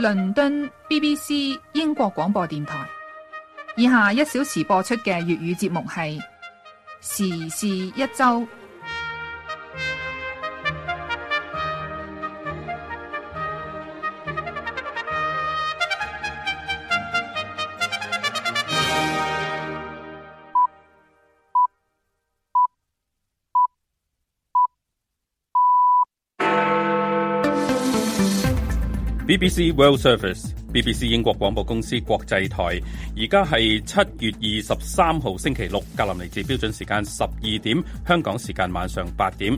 倫敦 BBC 英國廣播電台，以下一小時播出嘅粵語節目係時事一周。BBC World Service，BBC 英國廣播公司國際台，而家係七月二十三號星期六，格林尼治標準時間十二點，香港時間晚上八點，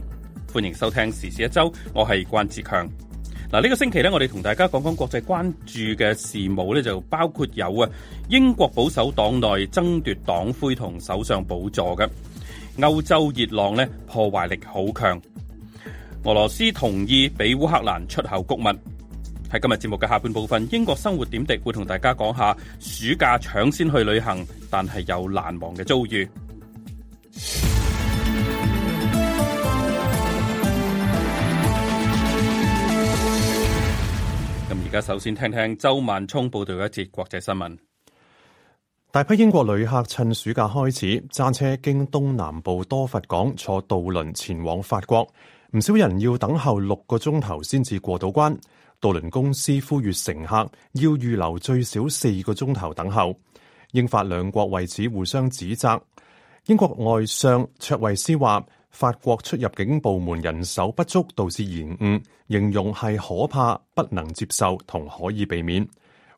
歡迎收聽時事一周。我係關志強。嗱、啊，呢、這個星期咧，我哋同大家講講國際關注嘅事務咧，就包括有啊，英國保守黨內爭奪黨魁同首相寶座嘅，歐洲熱浪咧破壞力好強，俄羅斯同意俾烏克蘭出口穀物。喺今日節目嘅下半部分，英國生活點滴會同大家講下暑假搶先去旅行，但係又難忘嘅遭遇。咁而家首先聽聽周萬聰報道嘅一節國際新聞。 大批英國旅客趁暑假開始，揸車經東南部多佛港，坐渡輪前往法國。唔少人要等候六個鐘頭先至過到關。渡輪公司呼籲乘客要預留最少四個鐘頭等候。英法兩國為此互相指責。英國外相卓慧思話，法國出入境部門人手不足導致延誤，形容係可怕、不能接受同可以避免。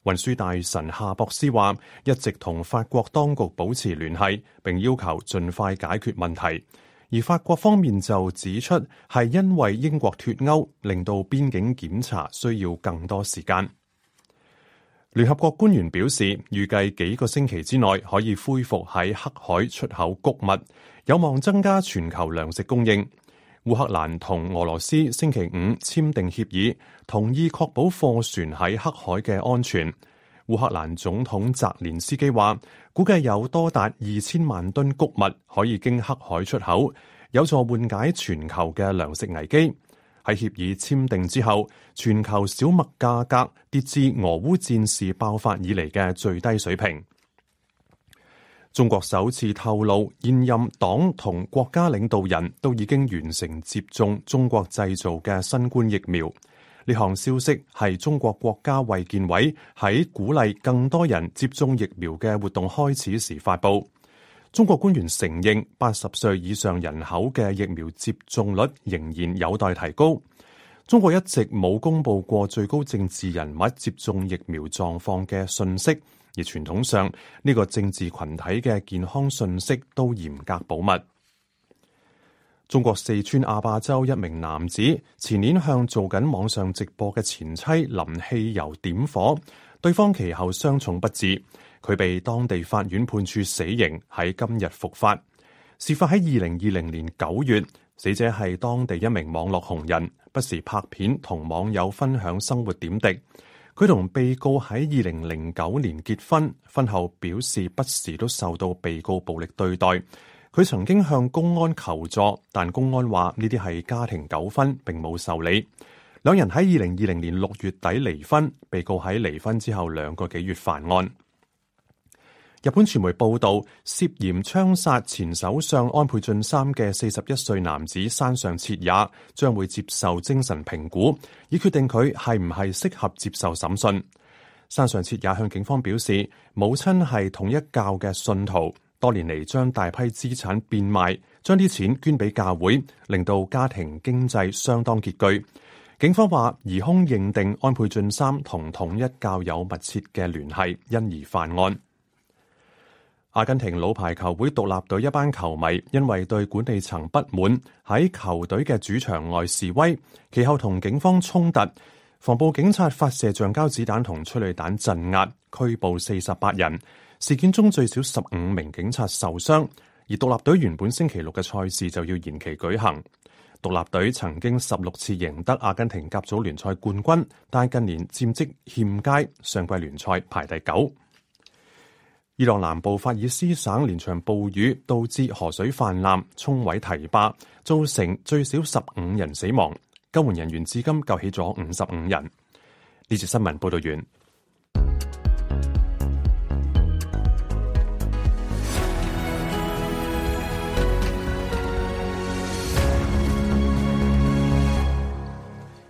運輸大臣夏博斯話，一直同法國當局保持聯繫，並要求盡快解決問題。而法國方面就指出，係因為英國脫歐，令到邊境檢查需要更多時間。聯合國官員表示，預計幾個星期之內可以恢復喺黑海出口谷物，有望增加全球糧食供應。烏克蘭同俄羅斯星期五簽訂協議，同意確保貨船喺黑海嘅安全。烏克蘭總統澤連斯基話：估計有多達二千萬噸谷物可以經黑海出口，有助緩解全球嘅糧食危機。喺協議簽訂之後，全球小麥價格跌至俄烏戰事爆發以嚟嘅最低水平。中國首次透露，現任黨同國家領導人都已經完成接種中國製造嘅新冠疫苗。呢項消息係中國國家衛健委喺鼓勵更多人接種疫苗嘅活動開始時發布。中國官員承認，八十歲以上人口嘅疫苗接種率仍然有待提高。中國一直冇公布過最高政治人物接種疫苗狀況嘅信息，而傳統上呢個政治群體嘅健康信息都嚴格保密。中國四川阿壩州一名男子前年向做緊網上直播嘅前妻淋汽油點火，對方其後傷重不治，佢被當地法院判處死刑，喺今日複核。事發喺二零二零年九月，死者係當地一名網絡紅人，不時拍片同網友分享生活點滴。佢同被告喺二零零九年結婚，婚後表示不時都受到被告暴力對待。佢曾經向公安求助，但公安話呢啲係家庭糾紛，並冇受理。兩人喺二零二零年六月底離婚，被告喺離婚之後兩個幾月犯案。日本傳媒報道，涉嫌槍殺前首相安倍晉三嘅四十一歲男子山上徹也將會接受精神評估，以決定佢係唔係適合接受審訊。山上徹也向警方表示，母親係統一教嘅信徒。多年嚟將大批資產變賣，將啲錢捐俾教會，令到家庭經濟相當拮據。警方話，疑兇認定安倍晉三同統一教有密切嘅聯繫，因而犯案。阿根廷老牌球會獨立隊一班球迷因為對管理層不滿，喺球隊嘅主場外示威，其後同警方衝突，防暴警察發射橡膠子彈同催淚彈鎮壓，拘捕四十八人。事件中最少十五名警察受傷，而獨立隊原本星期六嘅賽事就要延期舉行。獨立隊曾經十六次贏得阿根廷甲組聯賽冠軍，但近年戰績欠佳，上季聯賽排第九。伊朗南部法爾斯省連場暴雨，導致河水泛濫、沖毀堤壩，造成最少十五人死亡。救援人員至今救起咗五十五人。呢次新聞報道完。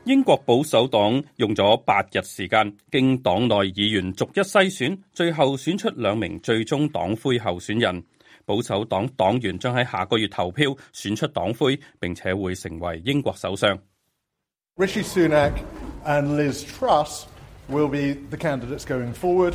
英國保守黨用咗八日時間，經黨內議員逐一篩選，最後選出兩名最終黨魁候選人。保守黨黨員將喺下個月投票選出黨魁，並且會成為英國首相。Rishi Sunak and Liz Truss will be the candidates going forward.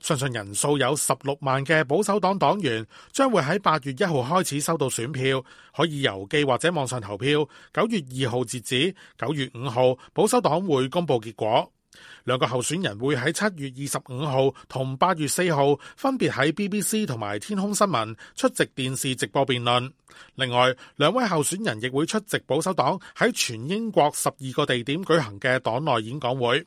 相信人數有十六萬嘅保守黨黨員將會喺八月一號開始收到選票，可以郵寄或者網上投票。九月二號截止，九月五號保守黨會公布結果。兩個候選人會喺七月二十五號同八月四號分別喺 BBC 同埋天空新聞出席電視直播辯論。另外，兩位候選人亦會出席保守黨喺全英國十二個地點舉行嘅黨內演講會。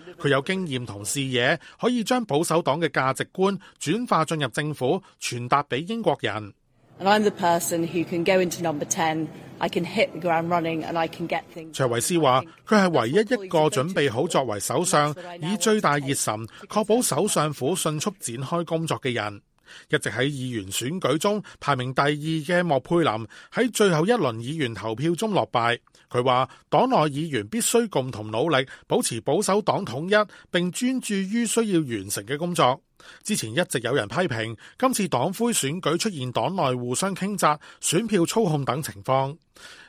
佢有經驗同視野，可以將保守黨嘅價值觀轉化進入政府，傳達俾英國人。卓維斯話佢係唯一一個準備好作為首相，以最大熱忱確保首相府迅速展開工作嘅人。一直喺議員選舉中排名第二嘅莫佩林喺最後一輪議員投票中落敗。佢話黨內議員必須共同努力，保持保守黨統一，並專注於需要完成嘅工作。之前一直有人批評，今次黨魁選舉出現黨內互相傾軋、選票操控等情況。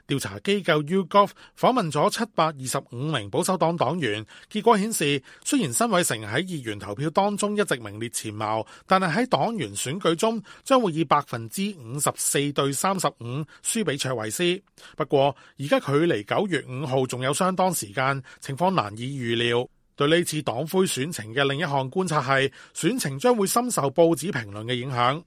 調查機構 YouGov 訪問咗七百二十五名保守黨黨員，結果顯示，雖然辛偉誠喺議員投票當中一直名列前茅，但係喺黨員選舉中將會以百分之五十四對三十五輸俾卓慧思。不過，而家距離九月五號仲有相當時間，情況難以預料。對呢次黨魁選情嘅另一項觀察係，選情將會深受報紙評論嘅影響。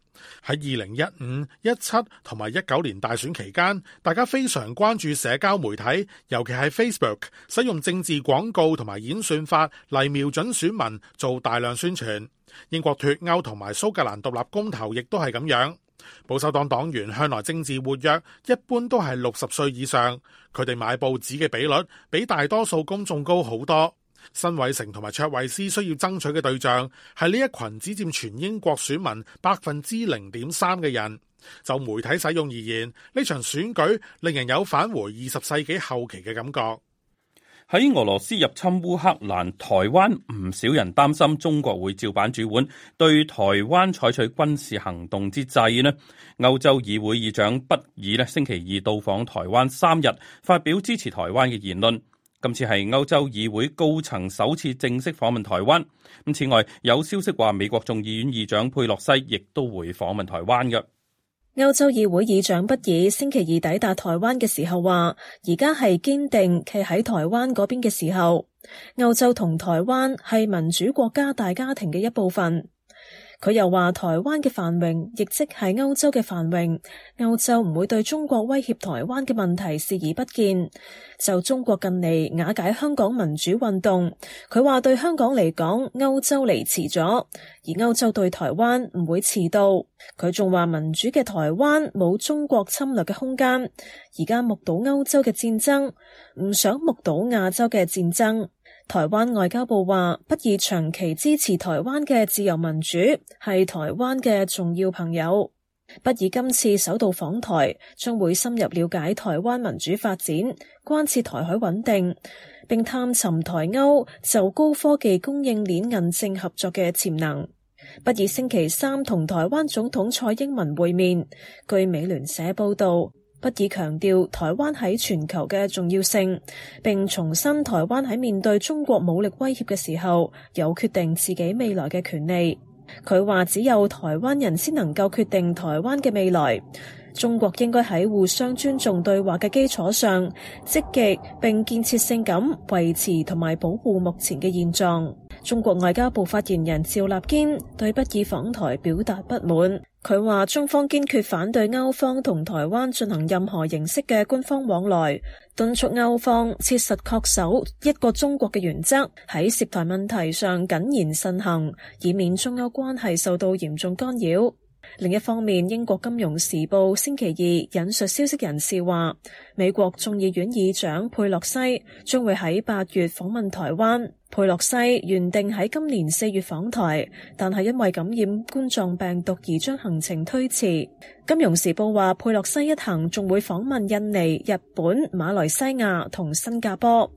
喺二零一五、一七同埋一九年大選期間，大家非常關注社交媒體，尤其係 Facebook 使用政治廣告同埋演算法嚟瞄準選民做大量宣傳。英國脫歐同埋蘇格蘭獨立公投亦都係咁樣。保守黨黨員向來政治活躍，一般都係六十歲以上，佢哋買報紙嘅比率比大多數公眾高好多。新偉成同埋卓慧斯需要爭取嘅對象係呢一群只佔全英國選民百分之零點三嘅人。就媒體使用而言，呢場選舉令人有返回二十世紀後期嘅感覺。喺俄羅斯入侵烏克蘭，台灣唔少人擔心中國會照板煮碗，對台灣採取軍事行動之際呢，歐洲議會議長畢爾呢星期二到訪台灣三日，發表支持台灣嘅言論。今次係歐洲議會高層首次正式訪問台灣。咁此外，有消息話美國眾議院議長佩洛西亦都會訪問台灣嘅。歐洲議會議長不爾星期二抵達台灣嘅時候話，而家係堅定企喺台灣嗰邊嘅時候，歐洲同台灣係民主國家大家庭嘅一部分。佢又話台灣嘅繁榮亦即係歐洲嘅繁榮，歐洲唔會對中國威脅台灣嘅問題視而不見。就中國近嚟瓦解香港民主運動，佢話對香港嚟講，歐洲嚟遲咗，而歐洲對台灣唔會遲到。佢仲話民主嘅台灣冇中國侵略嘅空間，而家目睹歐洲嘅戰爭，唔想目睹亞洲嘅戰爭。台灣外交部話：不二長期支持台灣嘅自由民主係台灣嘅重要朋友。不二今次首度訪台，將會深入了解台灣民主發展，關切台海穩定，並探尋台歐就高科技供應鏈韌性合作嘅潛能。不二星期三同台灣總統蔡英文會面。據美聯社報道。不以強調台灣喺全球嘅重要性，並重申台灣喺面對中國武力威脅嘅時候有決定自己未來嘅權利。佢話：只有台灣人先能夠決定台灣嘅未來。中國應該喺互相尊重對話嘅基礎上，積極並建設性咁維持同埋保護目前嘅現狀。中國外交部發言人趙立堅對不以訪台表達不滿。佢話中方堅決反對歐方同台灣進行任何形式嘅官方往來，敦促歐方切實恪守一個中國嘅原則，喺涉台問題上謹言慎行，以免中歐關係受到嚴重干擾。另一方面，英國金融時報星期二引述消息人士話，美國眾議院議長佩洛西將會喺八月訪問台灣。佩洛西原定喺今年四月訪台，但係因為感染冠狀病毒而將行程推遲。金融時報話，佩洛西一行仲會訪問印尼、日本、馬來西亞同新加坡，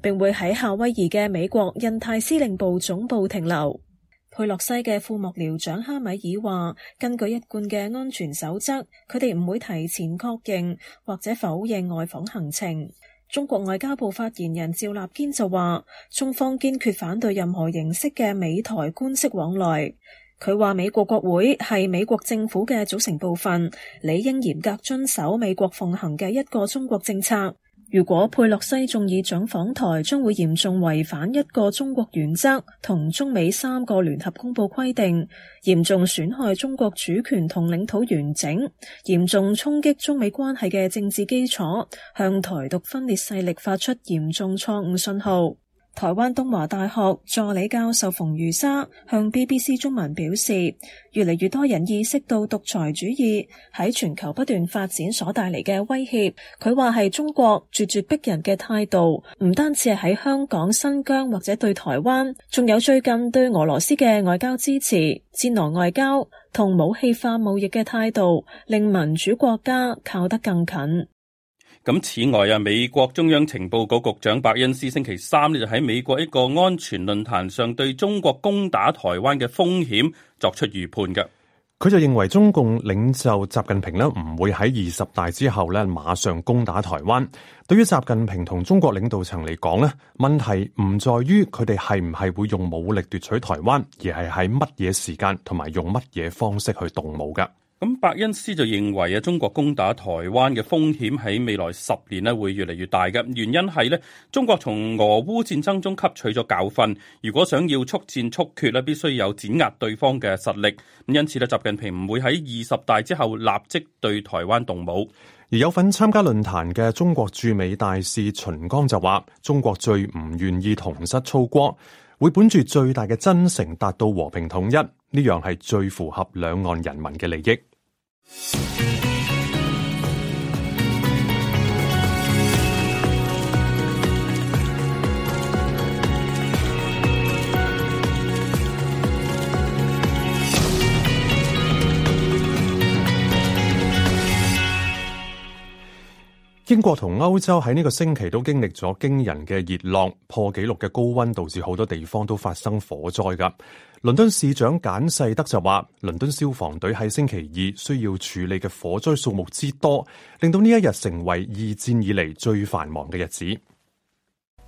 並會喺夏威夷嘅美國印太司令部總部停留。佩洛西嘅副幕僚長哈米爾話，根據一貫嘅安全守則，佢哋唔會提前確認或者否認外訪行程。中國外交部發言人趙立堅就話，中方堅決反對任何形式嘅美台官式往來。佢話，美國國會係美國政府嘅組成部分，理應嚴格遵守美國奉行嘅一個中國政策。如果佩洛西眾議長訪台，將會嚴重違反一個中國原則同中美三個聯合公佈規定，嚴重損害中國主權同領土完整，嚴重衝擊中美關係嘅政治基礎，向台獨分裂勢力發出嚴重錯誤信號。台灣東華大學助理教授馮如沙向 BBC 中文表示，越嚟越多人意識到獨裁主義喺全球不斷發展所帶嚟嘅威脅。佢話係中國咄咄逼人嘅態度，唔單止係喺香港、新疆或者對台灣，仲有最近對俄羅斯嘅外交支持、戰狼外交同武器化貿易嘅態度，令民主國家靠得更近。咁此外啊，美國中央情報局局長伯恩斯星期三咧就喺美國一個安全論壇上對中國攻打台灣嘅風險作出預判嘅。佢就認為中共領袖習近平咧唔會喺二十大之後咧馬上攻打台灣。對於習近平同中國領導層嚟講咧，問題唔在於佢哋係唔係會用武力奪取台灣，而係喺乜嘢時間同埋用乜嘢方式去動武噶。咁白恩斯就認為啊，中國攻打台灣嘅風險喺未來十年呢會越嚟越大嘅，原因係咧，中國從俄烏戰爭中吸取咗教訓，如果想要速戰速決咧，必須有碾壓對方嘅實力。咁因此咧，習近平唔會喺二十大之後立即對台灣動武。而有份參加論壇嘅中國駐美大使秦剛就話，中國最唔願意同室操戈，會本住最大嘅真誠達到和平統一。呢樣係最符合兩岸人民嘅利益。英國同歐洲喺呢個星期都經歷咗驚人嘅熱浪，破紀錄嘅高温導致好多地方都發生火災。噶倫敦市長簡世德就話，倫敦消防隊喺星期二需要處理嘅火災數目之多，令到呢一日成為二戰以嚟最繁忙嘅日子。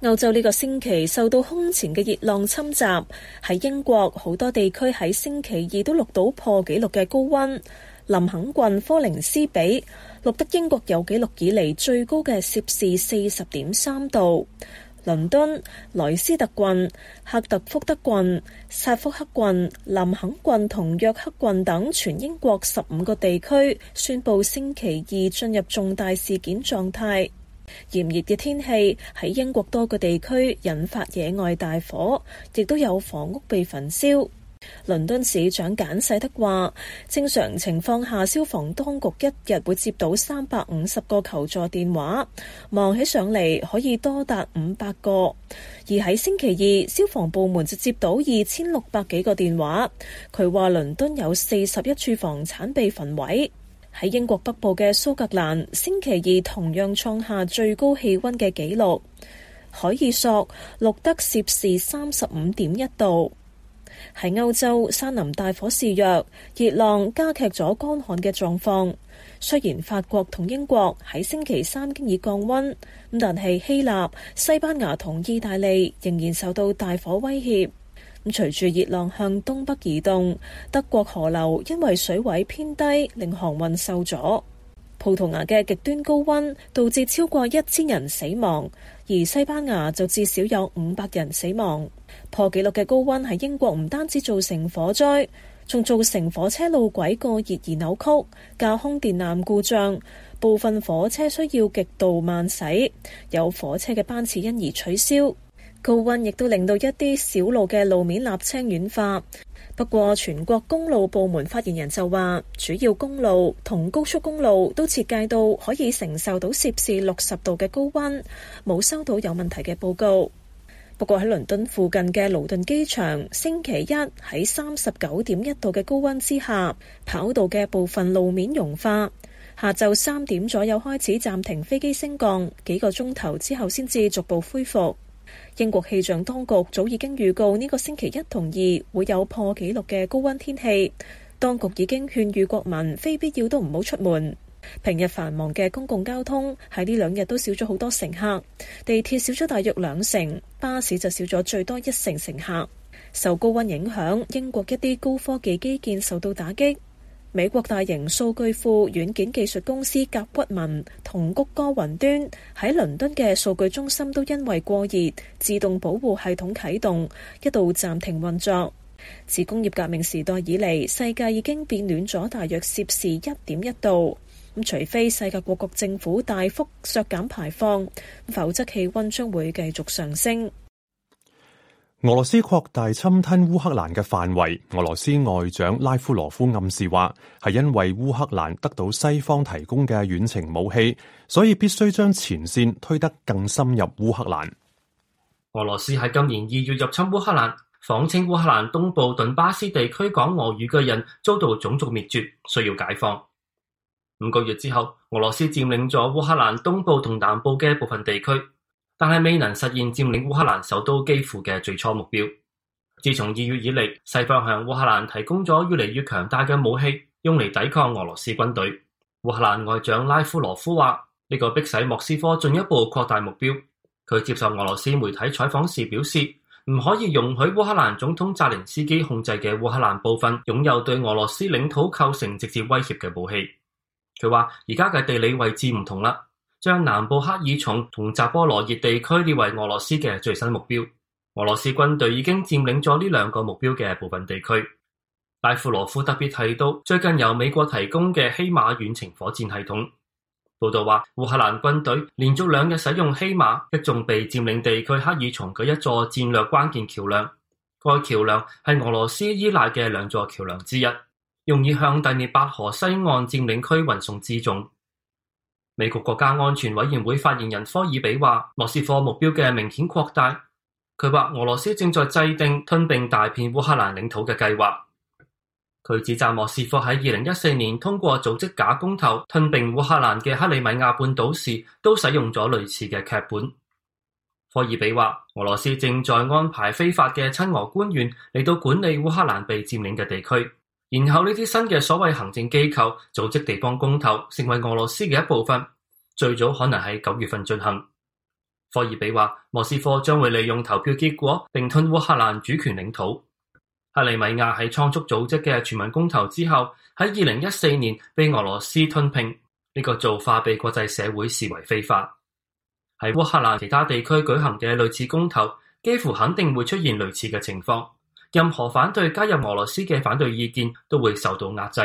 歐洲呢個星期受到空前嘅熱浪侵襲，喺英國好多地區喺星期二都錄到破紀錄嘅高温。林肯郡科寧斯比。錄得英國有紀錄以嚟，最高嘅攝氏四十點三度。倫敦、萊斯特郡、赫特福德郡、薩福克郡、林肯郡同約克郡等全英國十五個地區宣布星期二進入重大事件狀態。炎熱嘅天氣喺英國多個地區引發野外大火，亦都有房屋被焚燒。倫敦市長簡世德話：正常情況下，消防當局一日會接到三百五十個求助電話，忙起上嚟可以多達五百個。而喺星期二，消防部門就接到二千六百幾個電話。佢話：倫敦有四十一處房產被焚毀。喺英國北部嘅蘇格蘭，星期二同樣創下最高氣温嘅紀錄，海爾索錄得攝氏三十五點一度。喺歐洲山林大火肆虐，熱浪加劇咗乾旱嘅狀況。雖然法國同英國喺星期三經已降温，但係希臘、西班牙同意大利仍然受到大火威脅。咁隨住熱浪向東北移動，德國河流因為水位偏低令航運受阻。葡萄牙嘅極端高温導致超過一千人死亡，而西班牙就至少有五百人死亡。破紀錄嘅高溫喺英國唔單止造成火災，仲造成火車路軌過熱而扭曲、架空電纜故障，部分火車需要極度慢駛，有火車嘅班次因而取消。高溫亦都令到一啲小路嘅路面瀝青軟化。不過，全國公路部門發言人就話，主要公路同高速公路都設計到可以承受到攝氏六十度嘅高溫，冇收到有問題嘅報告。不過喺倫敦附近嘅盧頓機場，星期一喺三十九點一度嘅高温之下，跑道嘅部分路面融化，下晝三點左右開始暫停飛機升降，幾個鐘頭之後先至逐步恢復。英國氣象當局早已經預告呢個星期一同二會有破紀錄嘅高温天氣，當局已經勸喻國民非必要都唔好出門。平日繁忙嘅公共交通喺呢兩日都少咗好多乘客，地鐵少咗大約兩成，巴士就少咗最多一成乘客。受高溫影響，英國一啲高科技基建受到打擊。美國大型數據庫軟件技術公司甲骨文同谷歌雲端喺倫敦嘅數據中心都因為過熱，自動保護系統啟動，一度暫停運作。自工業革命時代以嚟，世界已經變暖咗大約攝氏一點一度。除非世界各國政府大幅削減排放，否則氣溫將會繼續上升。俄羅斯擴大侵吞烏克蘭嘅範圍。俄羅斯外長拉夫羅夫暗示話，係因為烏克蘭得到西方提供嘅遠程武器，所以必須將前綫推得更深入烏克蘭。俄羅斯喺今年二月入侵烏克蘭，謊稱烏克蘭東部頓巴斯地區講俄語嘅人遭到種族滅絕，需要解放。五個月之後，俄羅斯佔領咗烏克蘭東部同南部嘅部分地區，但係未能實現佔領烏克蘭首都基輔嘅最初目標。自從二月以嚟，西方向烏克蘭提供咗越嚟越強大嘅武器，用嚟抵抗俄羅斯軍隊。烏克蘭外長拉夫羅夫話：呢、這個迫使莫斯科進一步擴大目標。佢接受俄羅斯媒體採訪時表示，唔可以容許烏克蘭總統澤連斯基控制嘅烏克蘭部分擁有對俄羅斯領土構成直接威脅嘅武器。佢話：而家嘅地理位置唔同啦，將南部黑爾松同扎波羅熱地區列為俄羅斯嘅最新目標。俄羅斯軍隊已經佔領咗呢兩個目標嘅部分地區。拉夫羅夫特別提到，最近由美國提供嘅希馬遠程火箭系統。報道話，烏克蘭軍隊連續兩日使用希馬擊中被佔領地區黑爾松嘅一座戰略關鍵橋梁。該橋梁係俄羅斯依賴嘅兩座橋梁之一。用以向第聶伯河西岸佔領區運送輜重。美國國家安全委員會發言人科爾比話，莫斯科目標嘅明顯擴大。佢話俄羅斯正在制定吞併大片烏克蘭領土嘅計劃。佢指責莫斯科喺二零一四年通過組織假公投吞併烏克蘭嘅克里米亞半島時，都使用咗類似嘅劇本。科爾比話，俄羅斯正在安排非法嘅親俄官員嚟到管理烏克蘭被佔領嘅地區。然後呢啲新嘅所謂行政機構組織地方公投，成為俄羅斯嘅一部分，最早可能喺九月份進行。科爾比話，莫斯科將會利用投票結果併吞烏克蘭主權領土。克里米亞喺倉促組織嘅全民公投之後，喺二零一四年被俄羅斯吞併，呢、這個做法被國際社會視為非法。喺烏克蘭其他地區舉行嘅類似公投，幾乎肯定會出現類似嘅情況。任何反對加入俄羅斯嘅反對意見都會受到壓制。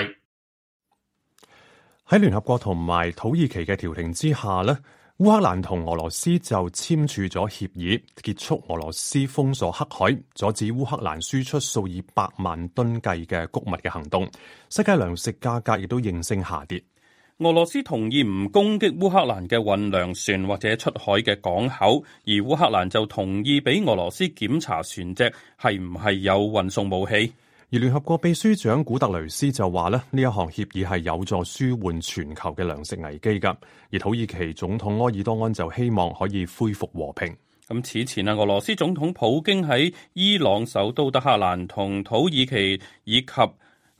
喺聯合國同埋土耳其嘅調停之下呢，烏克蘭同俄羅斯就簽署咗協議，結束俄羅斯封鎖黑海、阻止烏克蘭輸出數以百萬噸計嘅穀物嘅行動，世界糧食價格亦都應聲下跌。俄羅斯同意唔攻擊烏克蘭嘅運糧船或者出海嘅港口，而烏克蘭就同意俾俄羅斯檢查船隻係唔係有運送武器。而聯合國秘書長古特雷斯就話咧，呢一項協議係有助舒緩全球嘅糧食危機噶。而土耳其總統埃爾多安就希望可以恢復和平。咁此前啊，俄羅斯總統普京喺伊朗首都德黑蘭同土耳其以及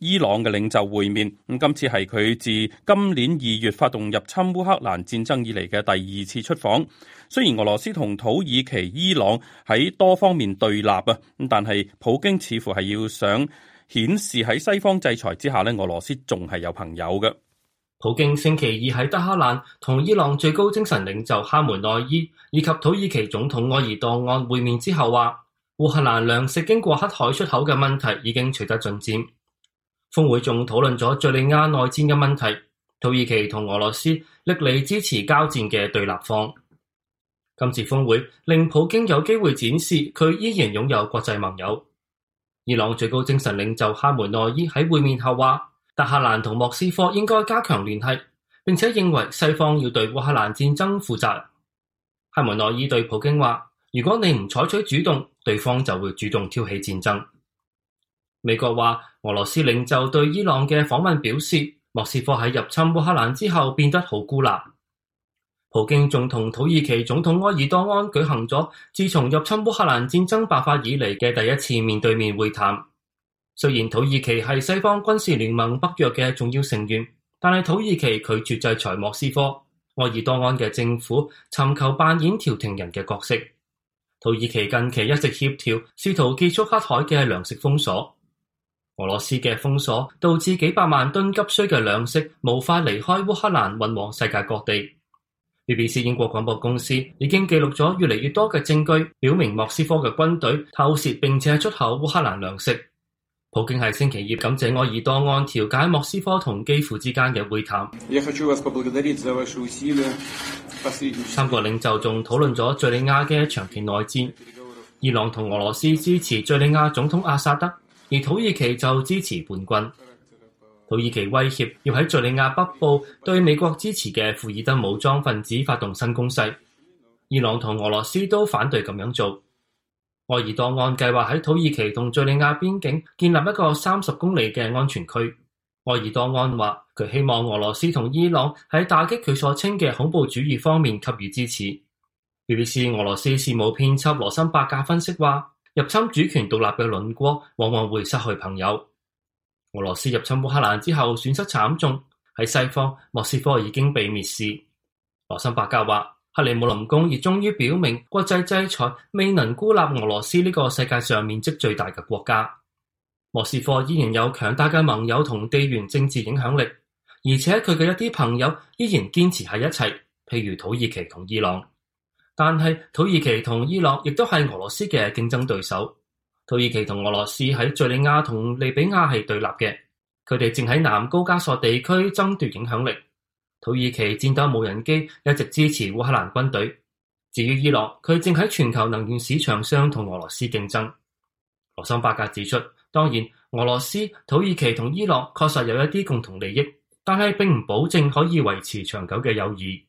伊朗嘅領袖會面，咁今次係佢自今年二月發動入侵烏克蘭戰爭以嚟嘅第二次出訪。雖然俄羅斯同土耳其、伊朗喺多方面對立啊，但係普京似乎係要想顯示喺西方制裁之下咧，俄羅斯仲係有朋友嘅。普京星期二喺德克蘭同伊朗最高精神領袖哈梅內伊以及土耳其總統埃爾多安會面之後話，烏克蘭糧食經過黑海出口嘅問題已經取得進展。峰會仲討論咗敍利亞內戰嘅問題，土耳其同俄羅斯歷來支持交戰嘅對立方。今次峰會令普京有機會展示佢依然擁有國際盟友。伊朗最高精神領袖哈梅內伊喺會面後話：德黑蘭同莫斯科應該加強聯繫，並且認為西方要對烏克蘭戰爭負責。哈梅內伊對普京話：如果你唔採取主動，對方就會主動挑起戰爭。美國話，俄羅斯領袖對伊朗嘅訪問表示，莫斯科喺入侵烏克蘭之後變得好孤立。普京仲同土耳其總統埃爾多安舉行咗自從入侵烏克蘭戰爭爆發以嚟嘅第一次面對面會談。雖然土耳其係西方軍事聯盟北約嘅重要成員，但係土耳其拒絕制裁莫斯科。埃爾多安嘅政府尋求扮演調停人嘅角色。土耳其近期一直協調，試圖結束黑海嘅糧食封鎖。俄羅斯嘅封鎖導致幾百萬噸急需嘅糧食無法離開烏克蘭運往世界各地。BBC 英國廣播公司已經記錄咗越嚟越多嘅證據，表明莫斯科嘅軍隊偷竊並且出口烏克蘭糧食。普京係星期二感謝埃爾多安調解莫斯科同基輔之間嘅會談。三國領袖仲討論咗敘利亞嘅長期內戰，伊朗同俄羅斯支持敘利亞總統阿薩德。而土耳其就支持叛軍。土耳其威脅要喺敘利亞北部對美國支持嘅庫爾德武裝分子發動新攻勢，伊朗同俄羅斯都反對咁樣做。愛爾多安計劃喺土耳其同敘利亞邊境建立一個三十公里嘅安全區，愛爾多安話，佢希望俄羅斯同伊朗喺打擊佢所稱嘅恐怖主義方面給予支持。BBC 俄羅斯事務編輯羅森伯格分析話。入侵主權獨立嘅鄰國，往往會失去朋友。俄羅斯入侵烏克蘭之後，損失慘重。喺西方，莫斯科已經被蔑視。羅森伯格話，克里姆林宮亦終於表明，國際制裁未能孤立俄羅斯呢個世界上面積最大嘅國家。莫斯科依然有強大嘅盟友同地緣政治影響力，而且佢嘅一啲朋友依然堅持喺一齊，譬如土耳其同伊朗。但係，土耳其同伊朗亦都係俄羅斯嘅競爭對手。土耳其同俄羅斯喺敘利亞同利比亞係對立嘅，佢哋正喺南高加索地區爭奪影響力。土耳其戰鬥無人機一直支持烏克蘭軍隊。至於伊朗，佢正喺全球能源市場上同俄羅斯競爭。羅森巴格指出，當然，俄羅斯、土耳其同伊朗確實有一啲共同利益，但係並唔保證可以維持長久嘅友誼。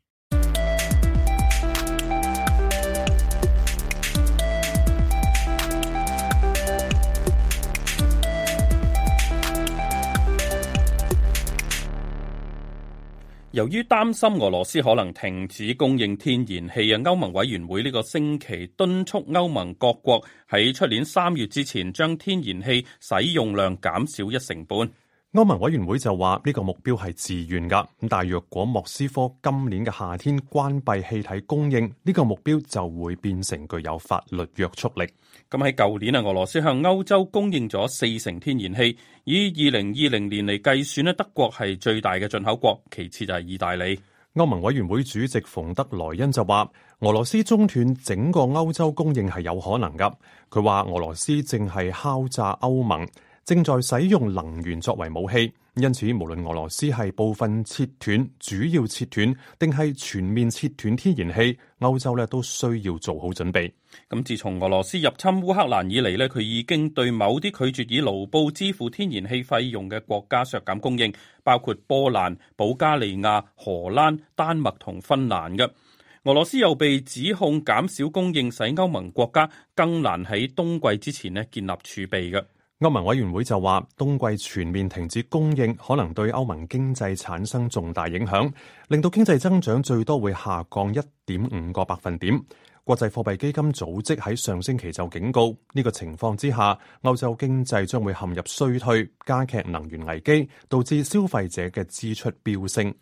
由於擔心俄羅斯可能停止供應天然氣，啊，歐盟委員會呢個星期敦促歐盟各國喺出年三月之前，將天然氣使用量減少一成半。歐盟委員會就話呢個目標係自願噶，咁但若果莫斯科今年嘅夏天關閉氣體供應，呢個目標就會變成具有法律約束力。咁喺舊年啊，俄羅斯向歐洲供應咗四成天然氣，以二零二零年嚟計算咧，德國係最大嘅進口國，其次就係意大利。歐盟委員會主席馮德萊恩就話，俄羅斯中斷整個歐洲供應係有可能噶。佢話俄羅斯正係敲詐歐盟，正在使用能源作為武器。因此，無論俄羅斯係部分切斷、主要切斷，定係全面切斷天然氣，歐洲咧都需要做好準備。咁自從俄羅斯入侵烏克蘭以嚟咧，佢已經對某啲拒絕以盧布支付天然氣費用嘅國家削減供應，包括波蘭、保加利亞、荷蘭、丹麥同芬蘭嘅。俄羅斯又被指控減少供應，使歐盟國家更難喺冬季之前咧建立儲備嘅。歐盟委員會就話，冬季全面停止供應可能對歐盟經濟產生重大影響，令到經濟增長最多會下降一點五個百分點。國際貨幣基金組織喺上星期就警告，呢、這個情況之下，歐洲經濟將會陷入衰退，加劇能源危機，導致消費者嘅支出飆升。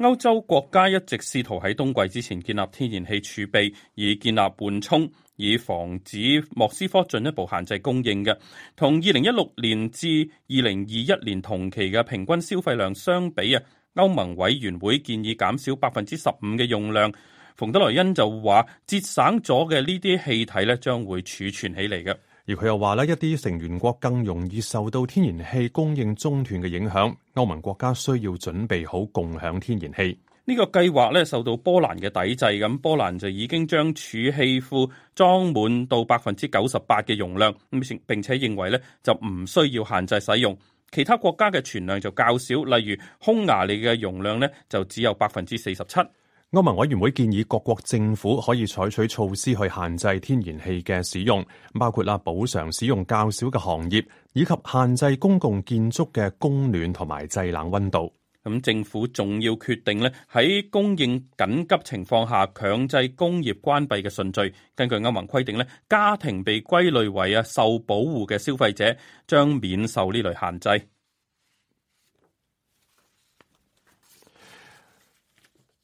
歐洲國家一直試圖喺冬季之前建立天然氣儲備，以建立緩衝。以防止莫斯科進一步限制供應嘅，同二零一六年至二零二一年同期嘅平均消費量相比啊，歐盟委員會建議減少百分之十五嘅用量。馮德萊恩就話，節省咗嘅呢啲氣體咧，將會儲存起嚟嘅。而佢又話咧，一啲成員國更容易受到天然氣供應中斷嘅影響，歐盟國家需要準備好共享天然氣。呢個計劃咧受到波蘭嘅抵制，咁波蘭就已經將儲氣庫裝滿到百分之九十八嘅容量，咁並且認為咧就唔需要限制使用。其他國家嘅存量就較少，例如匈牙利嘅容量咧就只有百分之四十七。歐盟委員會建議各國政府可以採取措施去限制天然氣嘅使用，包括啦補償使用較少嘅行業，以及限制公共建築嘅供暖同埋製冷溫度。咁政府仲要決定咧，喺供應緊急情況下強制工業關閉嘅順序。根據歐盟規定咧，家庭被歸類為受保護嘅消費者，將免受呢類限制。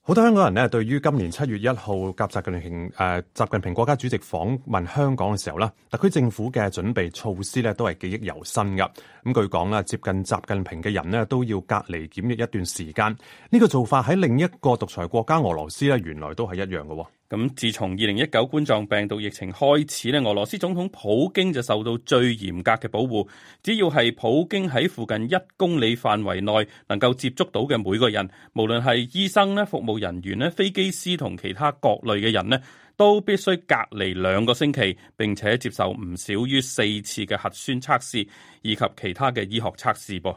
好多香港人咧，對於今年七月一號，習近平誒，習近平國家主席訪問香港嘅時候啦，特區政府嘅準備措施咧，都係記憶猶新噶。咁據講咧，接近習近平嘅人咧，都要隔離檢疫一段時間。呢個做法喺另一個獨裁國家俄羅斯咧，原來都係一樣噶。咁，自從二零一九冠狀病毒疫情開始咧，俄羅斯總統普京就受到最嚴格嘅保護。只要係普京喺附近一公里範圍內能夠接觸到嘅每個人，無論係醫生咧、服務人員咧、飛機師同其他各類嘅人呢都必須隔離兩個星期，並且接受唔少於四次嘅核酸測試以及其他嘅醫學測試噃。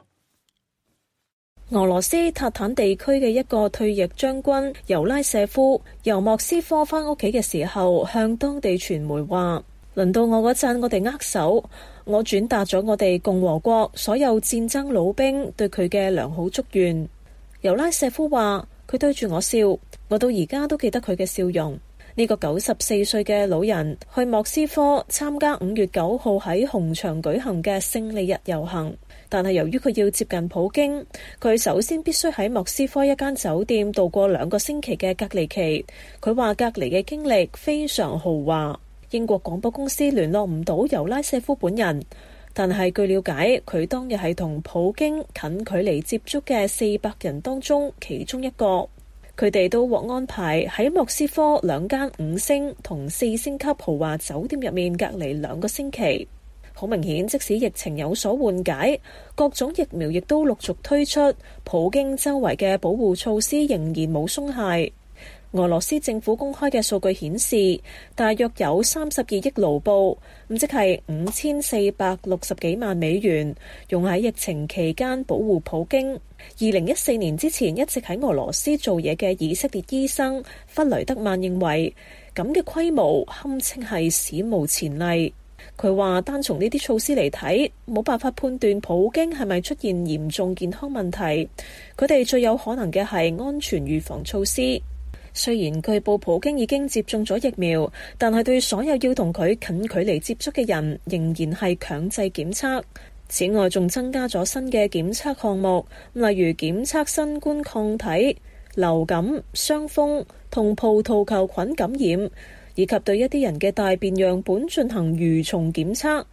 俄羅斯塔坦地區嘅一個退役將軍尤拉舍夫由莫斯科返屋企嘅時候，向當地傳媒話：輪到我嗰陣，我哋握手，我轉達咗我哋共和國所有戰爭老兵對佢嘅良好祝願。尤拉舍夫話：佢對住我笑，我到而家都記得佢嘅笑容。呢個九十四歲嘅老人去莫斯科參加五月九號喺紅場舉行嘅勝利日遊行。但係由於佢要接近普京，佢首先必須喺莫斯科一間酒店度過兩個星期嘅隔離期。佢話隔離嘅經歷非常豪華。英國廣播公司聯絡唔到尤拉舍夫本人，但係據了解，佢當日係同普京近距離接觸嘅四百人當中其中一個。佢哋都獲安排喺莫斯科兩間五星同四星級豪華酒店入面隔離兩個星期。好明顯，即使疫情有所緩解，各種疫苗亦都陸續推出，普京周圍嘅保護措施仍然冇鬆懈。俄羅斯政府公開嘅數據顯示，大約有三十二億盧布，咁即係五千四百六十幾萬美元，用喺疫情期間保護普京。二零一四年之前一直喺俄羅斯做嘢嘅以色列醫生弗雷德曼認為，咁嘅規模堪稱係史無前例。佢話：單從呢啲措施嚟睇，冇辦法判斷普京係咪出現嚴重健康問題。佢哋最有可能嘅係安全預防措施。雖然據報普京已經接種咗疫苗，但係對所有要同佢近距離接觸嘅人，仍然係強制檢測。此外，仲增加咗新嘅檢測項目，例如檢測新冠抗體、流感、傷風同葡萄球菌感染。以及對一啲人嘅大便樣本進行蠕蟲檢測。二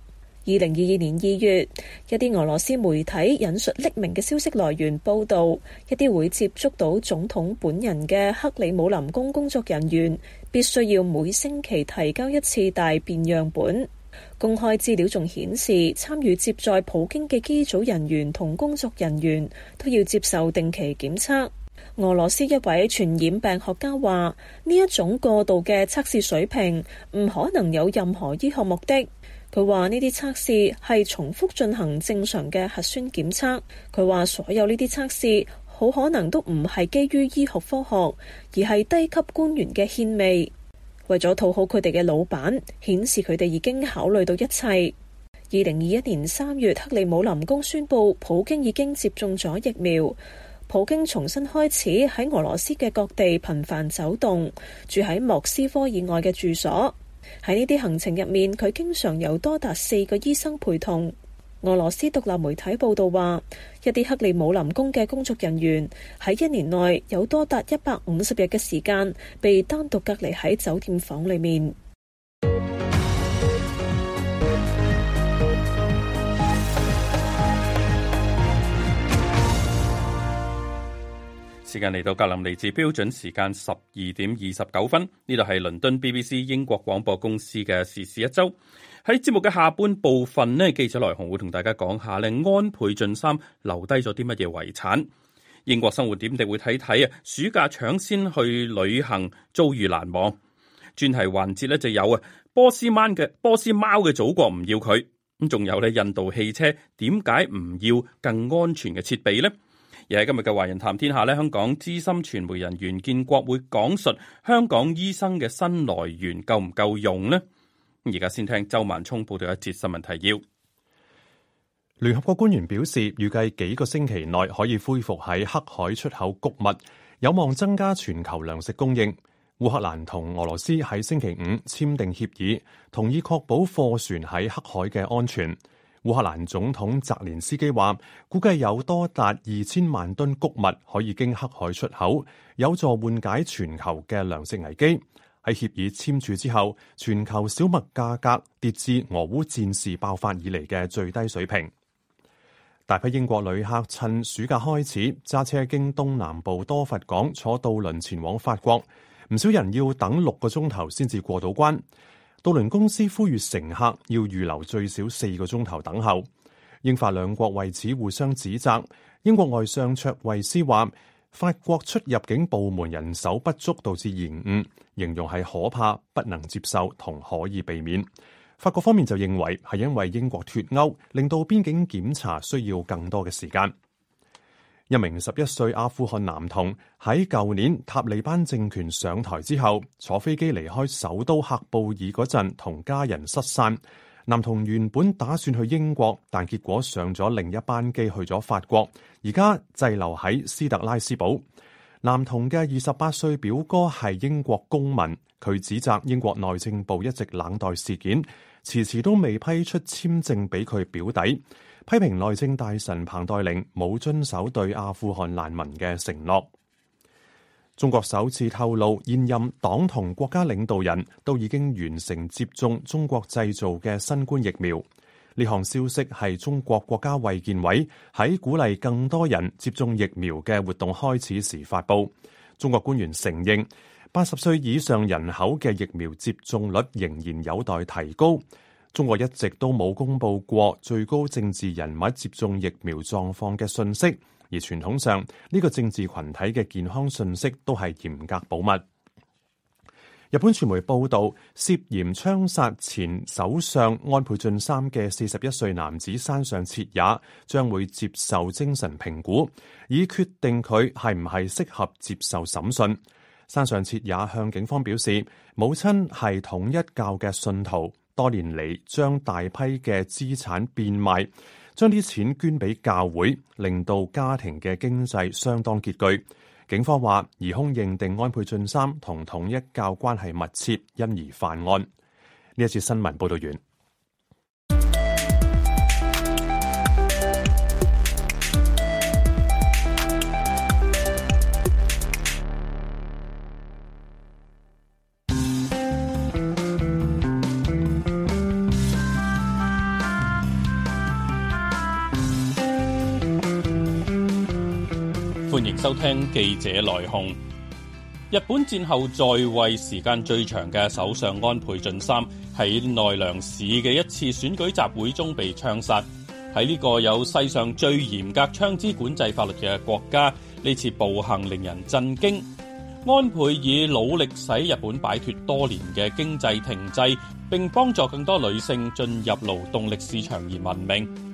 零二二年二月，一啲俄羅斯媒體引述匿名嘅消息來源報導，一啲會接觸到總統本人嘅克里姆林宮工作人員必須要每星期提交一次大便樣本。公開資料仲顯示，參與接載普京嘅機組人員同工作人員都要接受定期檢測。俄羅斯一位傳染病學家話：呢一種過度嘅測試水平唔可能有任何醫學目的。佢話呢啲測試係重複進行正常嘅核酸檢測。佢話所有呢啲測試好可能都唔係基於醫學科學，而係低級官員嘅獻媚，為咗討好佢哋嘅老闆，顯示佢哋已經考慮到一切。二零二一年三月，克里姆林宮宣布普京已經接種咗疫苗。普京重新開始喺俄羅斯嘅各地頻繁走動，住喺莫斯科以外嘅住所。喺呢啲行程入面，佢經常有多達四個醫生陪同。俄羅斯獨立媒體報道話，一啲克里姆林宮嘅工作人員喺一年內有多達一百五十日嘅時間被單獨隔離喺酒店房裏面。時間嚟到格林尼治標準時間十二點二十九分，呢度係倫敦 BBC 英國廣播公司嘅時事一周。喺節目嘅下半部分咧，記者來鴻會同大家講下咧，安倍晉三留低咗啲乜嘢遺產？英國生活點滴會睇睇啊，暑假搶先去旅行遭遇難忘。專題環節呢就有啊，波斯貓嘅波斯貓嘅祖國唔要佢，咁仲有咧印度汽車點解唔要更安全嘅設備呢？而喺今日嘅《華人談天下》咧，香港資深傳媒人袁建國會講述香港醫生嘅新來源夠唔夠用咧？而家先聽周萬聰報道一節新聞提要。聯合國官員表示，預計幾個星期內可以恢復喺黑海出口穀物，有望增加全球糧食供應。烏克蘭同俄羅斯喺星期五簽訂協議，同意確保貨船喺黑海嘅安全。烏克蘭總統澤連斯基話，估計有多達二千萬噸穀物可以經黑海出口，有助緩解全球嘅糧食危機。喺協議簽署之後，全球小麥價格跌至俄烏戰事爆發以嚟嘅最低水平。大批英國旅客趁暑假開始，揸車經東南部多佛港坐渡輪前往法國，唔少人要等六個鐘頭先至過到關。渡輪公司呼籲乘客要預留最少四個鐘頭等候。英法兩國為此互相指責。英國外相卓慧斯話，法國出入境部門人手不足導致延誤，形容係可怕、不能接受同可以避免。法國方面就認為係因為英國脫歐，令到邊境檢查需要更多嘅時間。一名十一歲阿富汗男童喺舊年塔利班政權上台之後，坐飛機離開首都喀布爾嗰陣，同家人失散。男童原本打算去英國，但結果上咗另一班機去咗法國，而家滯留喺斯特拉斯堡。男童嘅二十八歲表哥係英國公民，佢指責英國內政部一直冷待事件，遲遲都未批出簽證俾佢表弟。批評內政大臣彭黛玲冇遵守對阿富汗難民嘅承諾。中國首次透露現任黨同國家領導人都已經完成接種中國製造嘅新冠疫苗。呢項消息係中國國家衛健委喺鼓勵更多人接種疫苗嘅活動開始時發布。中國官員承認，八十歲以上人口嘅疫苗接種率仍然有待提高。中國一直都冇公布過最高政治人物接種疫苗狀況嘅信息，而傳統上呢個政治群體嘅健康信息都係嚴格保密。日本傳媒報道，涉嫌槍殺前首相安倍晉三嘅四十一歲男子山上徹也將會接受精神評估，以決定佢係唔係適合接受審訊。山上徹也向警方表示，母親係統一教嘅信徒。多年嚟，將大批嘅資產變賣，將啲錢捐俾教會，令到家庭嘅經濟相當拮據。警方話疑兇認定安倍晉三同統一教關係密切，因而犯案。呢一次新聞報道完。亦收聽記者來鴻。日本戰後在位時間最長嘅首相安倍晉三喺奈良市嘅一次選舉集會中被槍殺。喺呢個有世上最嚴格槍支管制法律嘅國家，呢次暴行令人震驚。安倍以努力使日本擺脫多年嘅經濟停滯，並幫助更多女性進入勞動力市場而聞名。.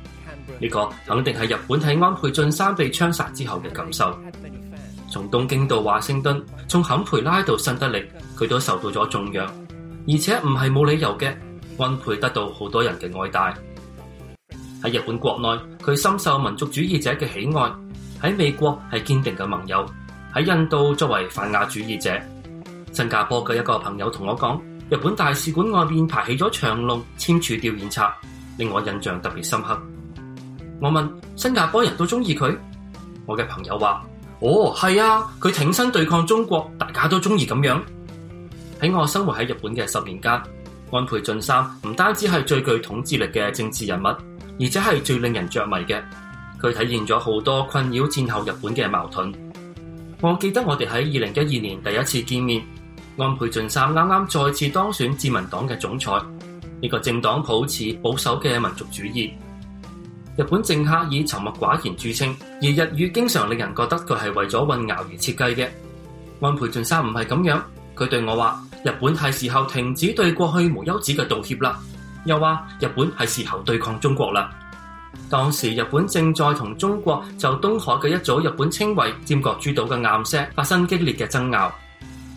呢個肯定係日本喺安倍晉三被槍殺之後嘅感受。從東京到華盛頓，從坎培拉到新德里，佢都受到咗重仰，而且唔係冇理由嘅。安倍得到好多人嘅愛戴。喺日本國內，佢深受民族主義者嘅喜愛；喺美國係堅定嘅盟友；喺印度作為泛亞主義者。新加坡嘅一個朋友同我講，日本大使館外面排起咗長龍簽署吊唁冊，令我印象特別深刻。我問，新加坡人都中意佢？我嘅朋友話：「哦，係啊，佢挺身對抗中國，大家都中意咁樣。喺我生活喺日本嘅十年間，安倍晉三唔單止係最具統治力嘅政治人物，而且係最令人着迷嘅。佢體現咗好多困擾戰後日本嘅矛盾。我記得我哋喺二零一二年第一次見面，安倍晉三啱啱再次當選自民黨嘅總裁，呢個政黨抱持保守嘅民族主義。日本政客以沉默寡言著稱，而日語經常令人覺得佢係為咗混淆而設計嘅。安倍晉三唔係咁樣，佢對我話：日本係時候停止對過去無休止嘅道歉啦。又話日本係時候對抗中國啦。當時日本正在同中國就東海嘅一組日本稱為尖閣諸島嘅岩石發生激烈嘅爭拗。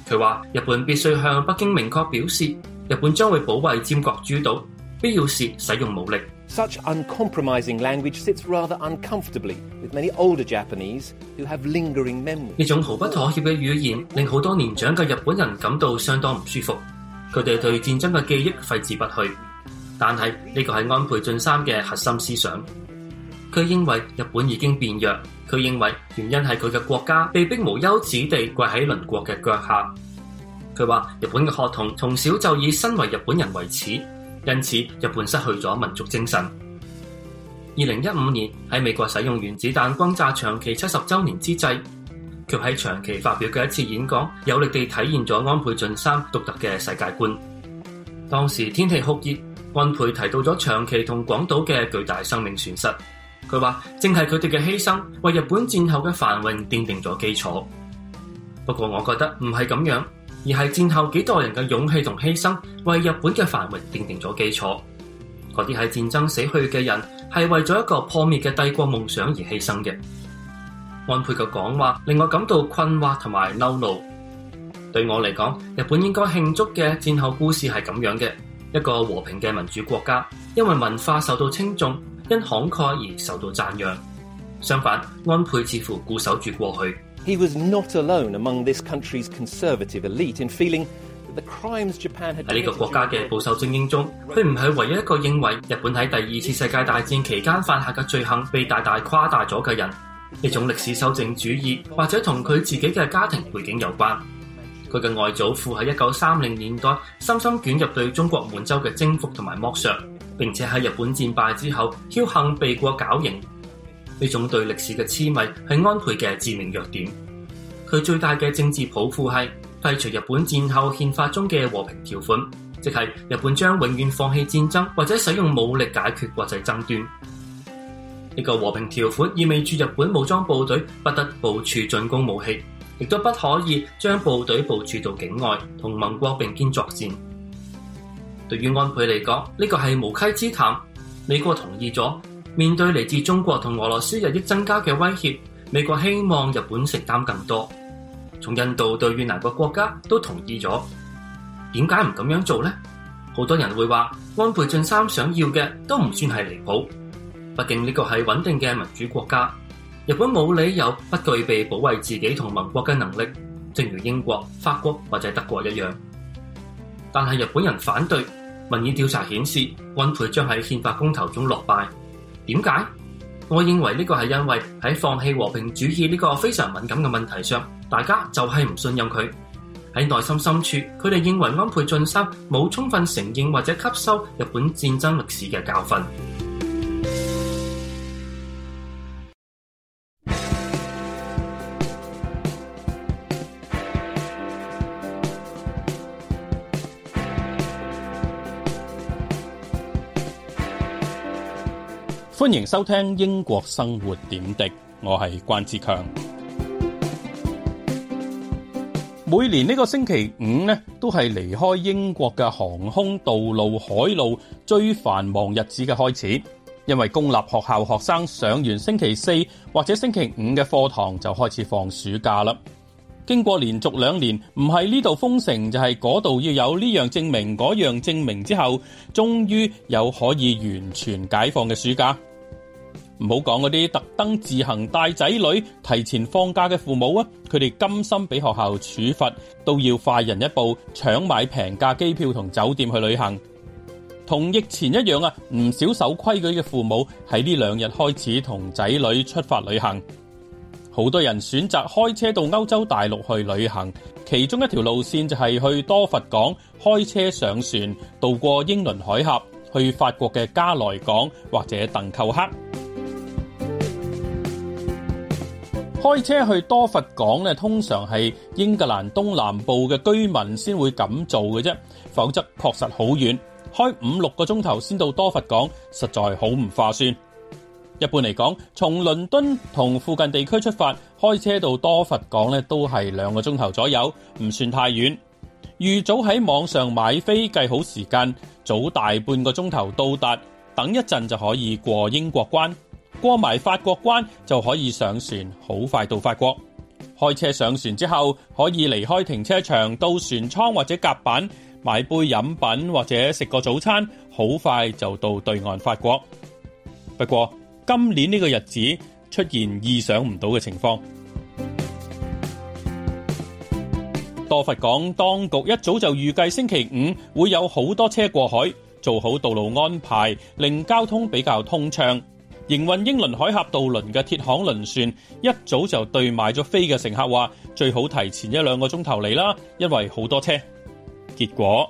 佢話日本必須向北京明確表示，日本將會保衛尖閣諸島。必要時使用武力。Such uncompromising language sits rather uncomfortably with many older Japanese who have lingering memory. 呢種毫不妥協嘅語言，令好多年長嘅日本人感到相當唔舒服。佢哋對戰爭嘅記憶揮之不去。但係呢個係安倍晉三嘅核心思想。佢認為日本已經變弱。佢認為原因係佢嘅國家被逼無休止地跪喺鄰國嘅腳下。佢話日本嘅學童從小就以身為日本人為恥。因此，日本失去咗民族精神。二零一五年喺美國使用原子彈轟炸長崎七十周年之際，佢喺長崎發表嘅一次演講，有力地體現咗安倍晉三獨特嘅世界觀。當時天氣酷熱，安倍提到咗長崎同廣島嘅巨大生命損失。佢話正係佢哋嘅犧牲，為日本戰後嘅繁榮奠定咗基礎。不過我覺得唔係咁樣。而係戰後幾代人嘅勇氣同犧牲，為日本嘅繁榮奠定咗基礎。嗰啲喺戰爭死去嘅人，係為咗一個破滅嘅帝國夢想而犧牲嘅。安倍嘅講話令我感到困惑同埋嬲怒。對我嚟講，日本應該慶祝嘅戰後故事係咁樣嘅：一個和平嘅民主國家，因為文化受到尊重，因慷慨而受到讚揚。相反，安倍似乎固守住過去。He was not alone among this country's conservative elite in feeling that the crimes Japan had committed. 喺呢個國家嘅保守精英中，佢唔係唯一一個認為日本喺第二次世界大戰期間犯下嘅罪行被大大誇大咗嘅人。呢種歷史修正主義，或者同佢自己嘅家庭背景有關。佢嘅外祖父喺一九三零年代深深捲入對中國滿洲嘅征服同埋剝削，並且喺日本戰敗之後，僥幸避過絞刑。呢種對歷史嘅癡迷係安倍嘅致命弱點。佢最大嘅政治抱負係廢除日本戰後憲法中嘅和平條款，即係日本將永遠放棄戰爭或者使用武力解決國際爭端。呢個和平條款意味住日本武裝部隊不得部署進攻武器，亦都不可以將部隊部署到境外同盟國並肩作戰。對於安倍嚟講，呢個係無稽之談。美國同意咗。面對嚟自中國同俄羅斯日益增加嘅威脅，美國希望日本承擔更多。從印度到越南嘅國家都同意咗，點解唔咁樣做呢？好多人會話安倍晉三想要嘅都唔算係離譜，畢竟呢個係穩定嘅民主國家，日本冇理由不具備保衛自己同盟國嘅能力，正如英國、法國或者德國一樣。但係日本人反對，民意調查顯示安倍將喺憲法公投中落敗。點解？我認為呢個係因為喺放棄和平主義呢個非常敏感嘅問題上，大家就係唔信任佢。喺內心深處，佢哋認為安倍晉三冇充分承認或者吸收日本戰爭歷史嘅教訓。歡迎收聽英國生活點滴，我係關志強。每年呢個星期五呢，都係離開英國嘅航空、道路、海路最繁忙日子嘅開始，因為公立學校學生上完星期四或者星期五嘅課堂，就開始放暑假啦。經過連續兩年，唔係呢度封城，就係嗰度要有呢樣證明、嗰樣證明之後，終於有可以完全解放嘅暑假。唔好講嗰啲特登自行帶仔女提前放假嘅父母啊，佢哋甘心俾學校處罰，都要快人一步，搶買平價機票同酒店去旅行。同疫情一樣啊，唔少守規矩嘅父母喺呢兩日開始同仔女出發旅行。好多人選擇開車到歐洲大陸去旅行，其中一條路線就係去多佛港開車上船，渡過英倫海峽去法國嘅加來港或者鄧寇克。開車去多佛港咧，通常係英格蘭東南部嘅居民先會咁做嘅啫，否則確實好遠，開五六個鐘頭先到多佛港，實在好唔划算。一般嚟講，從倫敦同附近地區出發開車到多佛港呢，都係兩個鐘頭左右，唔算太遠。預早喺網上買飛，計好時間，早大半個鐘頭到達，等一陣就可以過英國關。過埋法國關就可以上船，好快到法國。開車上船之後，可以離開停車場到船艙或者甲板買杯飲品或者食個早餐，好快就到對岸法國。不過今年呢個日子出現意想唔到嘅情況，多佛港當局一早就預計星期五會有好多車過海，做好道路安排，令交通比較通暢。營運英倫海峽渡輪嘅鐵行輪船一早就對買咗飛嘅乘客話，最好提前一兩個鐘頭嚟啦，因為好多車。結果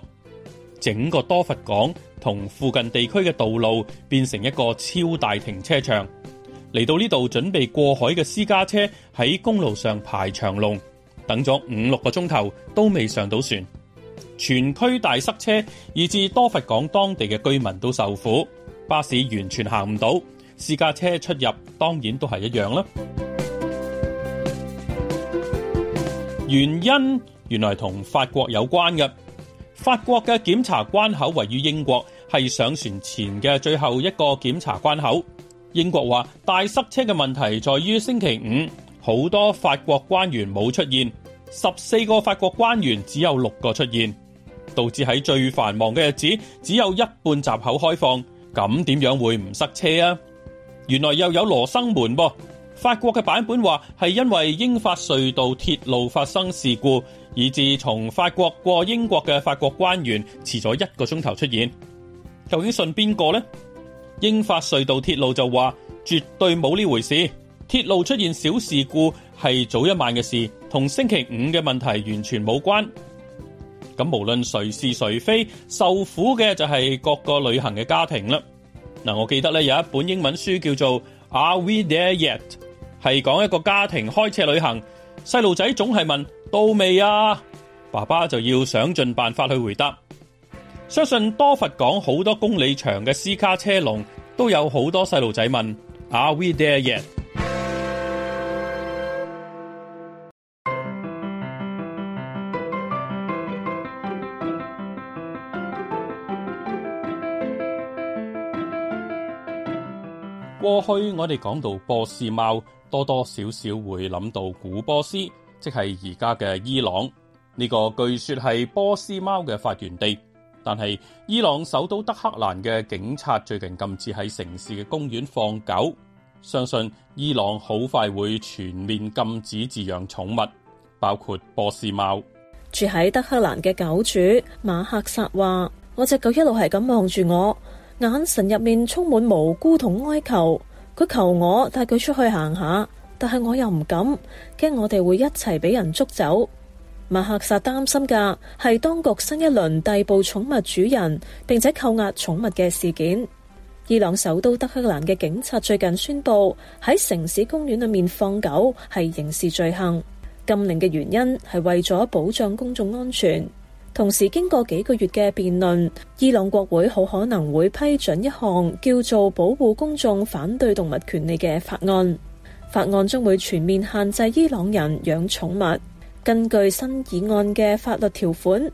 整個多佛港同附近地區嘅道路變成一個超大停車場。嚟到呢度準備過海嘅私家車喺公路上排長龍，等咗五六個鐘頭都未上到船，全區大塞車，以至多佛港當地嘅居民都受苦，巴士完全行唔到。私家車出入當然都係一樣啦。原因原來同法國有關嘅，法國嘅檢查關口位於英國，係上船前嘅最後一個檢查關口。英國話大塞車嘅問題在於星期五好多法國官員冇出現，十四個法國官員只有六個出現，導致喺最繁忙嘅日子只有一半閘口開放。咁點樣會唔塞車啊？原來又有羅生門噃！法國嘅版本話係因為英法隧道鐵路發生事故，以致從法國過英國嘅法國官員遲咗一個鐘頭出現。究竟信邊個呢？英法隧道鐵路就話絕對冇呢回事，鐵路出現小事故係早一晚嘅事，同星期五嘅問題完全冇關。咁無論誰是誰非，受苦嘅就係各個旅行嘅家庭啦。嗱，我記得咧，有一本英文書叫做《Are We There Yet》，係講一個家庭開車旅行，細路仔總係問到未啊？爸爸就要想盡辦法去回答。相信多佛港好多公里長嘅私家車龍，都有好多細路仔問《Are We There Yet》。過去我哋講到波斯貓，多多少少會諗到古波斯，即係而家嘅伊朗呢、這個，據說係波斯貓嘅發源地。但係伊朗首都德黑蘭嘅警察最近禁止喺城市嘅公園放狗，相信伊朗好快會全面禁止飼養寵物，包括波斯貓。住喺德黑蘭嘅狗主馬克薩話：我隻狗一路係咁望住我。眼神入面充滿無辜同哀求，佢求我帶佢出去行下，但係我又唔敢，驚我哋會一齊俾人捉走。馬克薩擔心噶係當局新一輪逮捕寵物主人並且扣押寵物嘅事件。伊朗首都德黑蘭嘅警察最近宣布喺城市公園裏面放狗係刑事罪行，禁令嘅原因係為咗保障公眾安全。同時，經過幾個月嘅辯論，伊朗國會好可能會批准一項叫做保護公眾反對動物權利嘅法案。法案將會全面限制伊朗人養寵物。根據新議案嘅法律條款，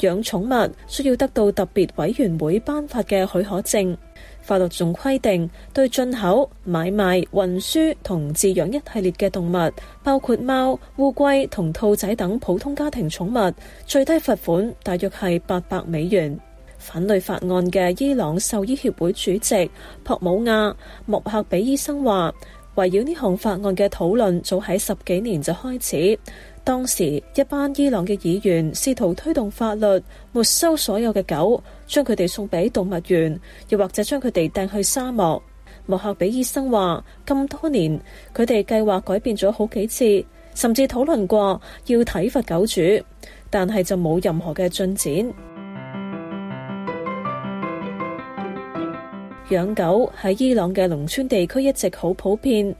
養寵物需要得到特別委員會頒發嘅許可證。法律仲規定對進口、買賣、運輸同飼養一系列嘅動物，包括貓、烏龜同兔仔等普通家庭寵物，最低罰款大約係八百美元。反對法案嘅伊朗獸醫協會主席柏姆亞莫克比醫生話，圍繞呢項法案嘅討論早喺十幾年就開始，當時一班伊朗嘅議員試圖推動法律沒收所有嘅狗。將佢哋送俾動物園，又或者將佢哋掟去沙漠。莫克比醫生話：咁多年，佢哋計劃改變咗好幾次，甚至討論過要體罰狗主，但係就冇任何嘅進展。養 狗喺伊朗嘅農村地區一直好普遍，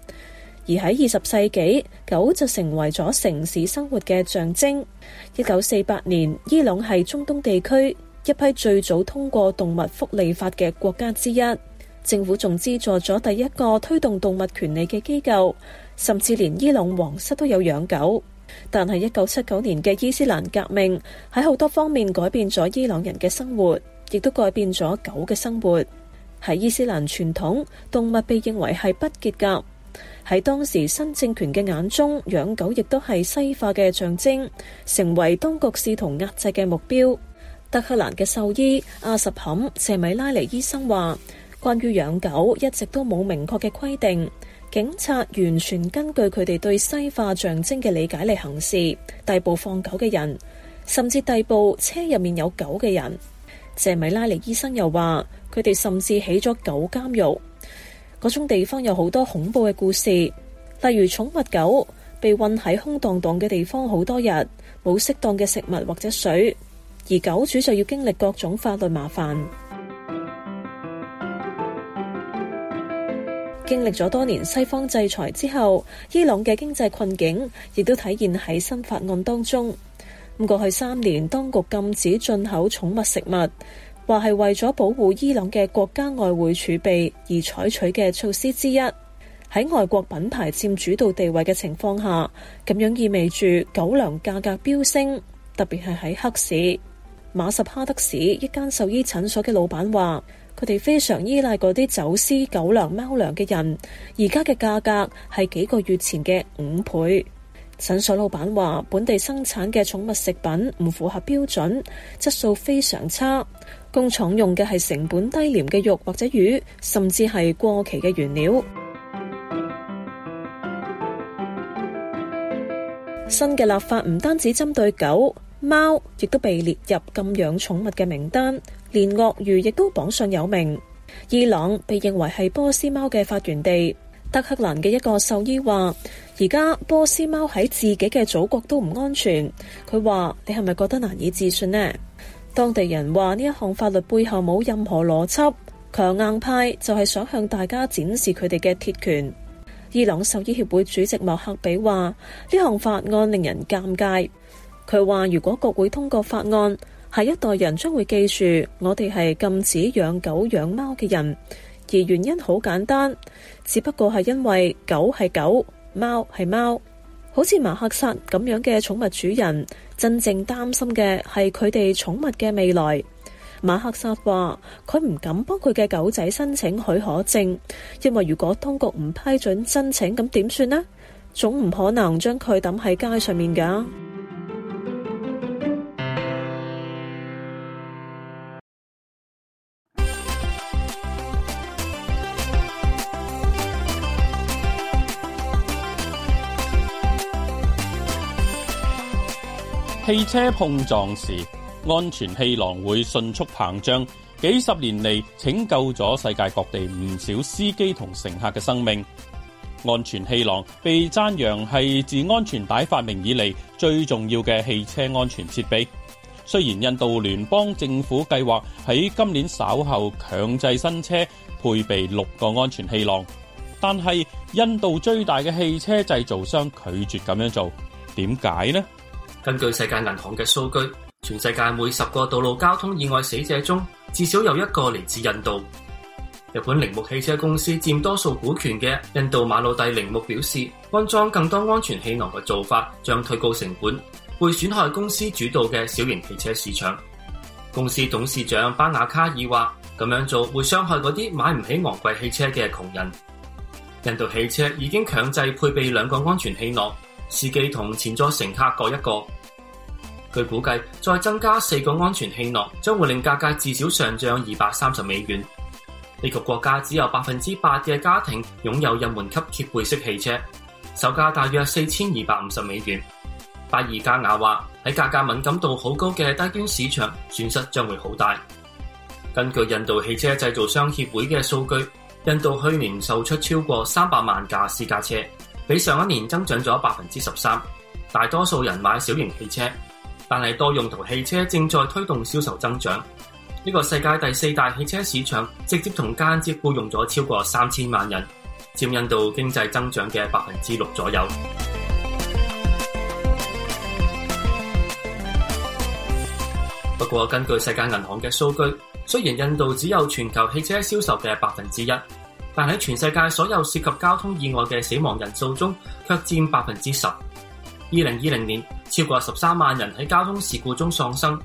而喺二十世紀，狗就成為咗城市生活嘅象徵。一九四八年，伊朗係中東地區一批最早通過動物福利法嘅國家之一，政府仲資助咗第一個推動動物權利嘅機構，甚至連伊朗皇室都有養狗。但係一九七九年嘅伊斯蘭革命喺好多方面改變咗伊朗人嘅生活，亦都改變咗狗嘅生活。喺伊斯蘭傳統，動物被認為係不潔噶。喺當時新政權嘅眼中，養狗亦都係西化嘅象徵，成為當局試圖壓制嘅目標。德克蘭嘅獸醫阿什坎謝米拉尼醫生話，關於養狗一直都冇明確嘅規定，警察完全根據佢哋對西化象徵嘅理解嚟行事。逮捕放狗嘅人，甚至逮捕車入面有狗嘅人。謝米拉尼醫生又話，佢哋甚至起咗狗監獄，嗰種地方有好多恐怖嘅故事，例如寵物狗被困喺空蕩蕩嘅地方好多日，冇適當嘅食物或者水。而狗主就要經歷各種法律麻煩。經歷咗多年西方制裁之後，伊朗嘅經濟困境亦都體現喺新法案當中。咁過去三年，當局禁止進口寵物食物，話係為咗保護伊朗嘅國家外匯儲備而採取嘅措施之一。喺外國品牌佔主導地位嘅情況下，咁樣意味住狗糧價格飆升，特別係喺黑市。馬什哈德市一間獸醫診所嘅老闆話：佢哋非常依賴嗰啲走私狗糧、貓糧嘅人，而家嘅價格係幾個月前嘅五倍。診所老闆話：本地生產嘅寵物食品唔符合標準，質素非常差。工廠用嘅係成本低廉嘅肉或者魚，甚至係過期嘅原料。新嘅立法唔單止針對狗。貓亦都被列入禁養寵物嘅名單，連鱷魚亦都榜上有名。伊朗被認為係波斯貓嘅發源地，德克蘭嘅一個獸醫話：而家波斯貓喺自己嘅祖國都唔安全。佢話：你係咪覺得難以置信呢？當地人話呢一項法律背後冇任何邏輯，強硬派就係想向大家展示佢哋嘅鐵拳。伊朗獸醫協會主席莫克比話，呢項法案令人尷尬。佢話：如果國會通過法案，下一代人將會記住我哋係禁止養狗養貓嘅人，而原因好簡單，只不過係因為狗係狗，貓係貓。好似馬克薩咁樣嘅寵物主人真正擔心嘅係佢哋寵物嘅未來。馬克薩話：佢唔敢幫佢嘅狗仔申請許可證，因為如果當局唔批准申請，咁點算呢？總唔可能將佢抌喺街上面噶。汽車碰撞時，安全氣囊會迅速膨脹，幾十年嚟拯救咗世界各地唔少司機同乘客嘅生命。安全氣囊被讚揚係自安全帶發明以嚟最重要嘅汽車安全設備。雖然印度聯邦政府計劃喺今年稍後強制新車配備六個安全氣囊，但係印度最大嘅汽車製造商拒絕咁樣做，點解呢？根據世界銀行嘅數據，全世界每十個道路交通意外死者中，至少有一個嚟自印度。日本鈴木汽車公司佔多數股權嘅印度馬魯蒂鈴木表示，安裝更多安全氣囊嘅做法將推高成本，會損害公司主導嘅小型汽車市場。公司董事長班雅卡爾話：咁樣做會傷害嗰啲買唔起昂貴汽車嘅窮人。印度汽車已經強制配備兩個安全氣囊。司機同前座乘客各一個。據估計，再增加四個安全氣囊，將會令價格至少上漲二百三十美元。呢個國家只有百分之八嘅家庭擁有入門級貼背式汽車，售價大約四千二百五十美元。巴爾加亞話：喺價格敏感度好高嘅低端市場，損失將會好大。根據印度汽車製造商協會嘅數據，印度去年售出超過三百萬架私家車。比上一年增長咗百分之十三，大多數人買小型汽車，但係多用途汽車正在推動銷售增長。呢個世界第四大汽車市場直接同間接僱用咗超過三千萬人，佔印度經濟增長嘅百分之六左右。不過根據世界銀行嘅數據，雖然印度只有全球汽車銷售嘅百分之一，但喺全世界所有涉及交通意外嘅死亡人數中，卻佔百分之十。二零二零年，超過十三萬人喺交通事故中喪生，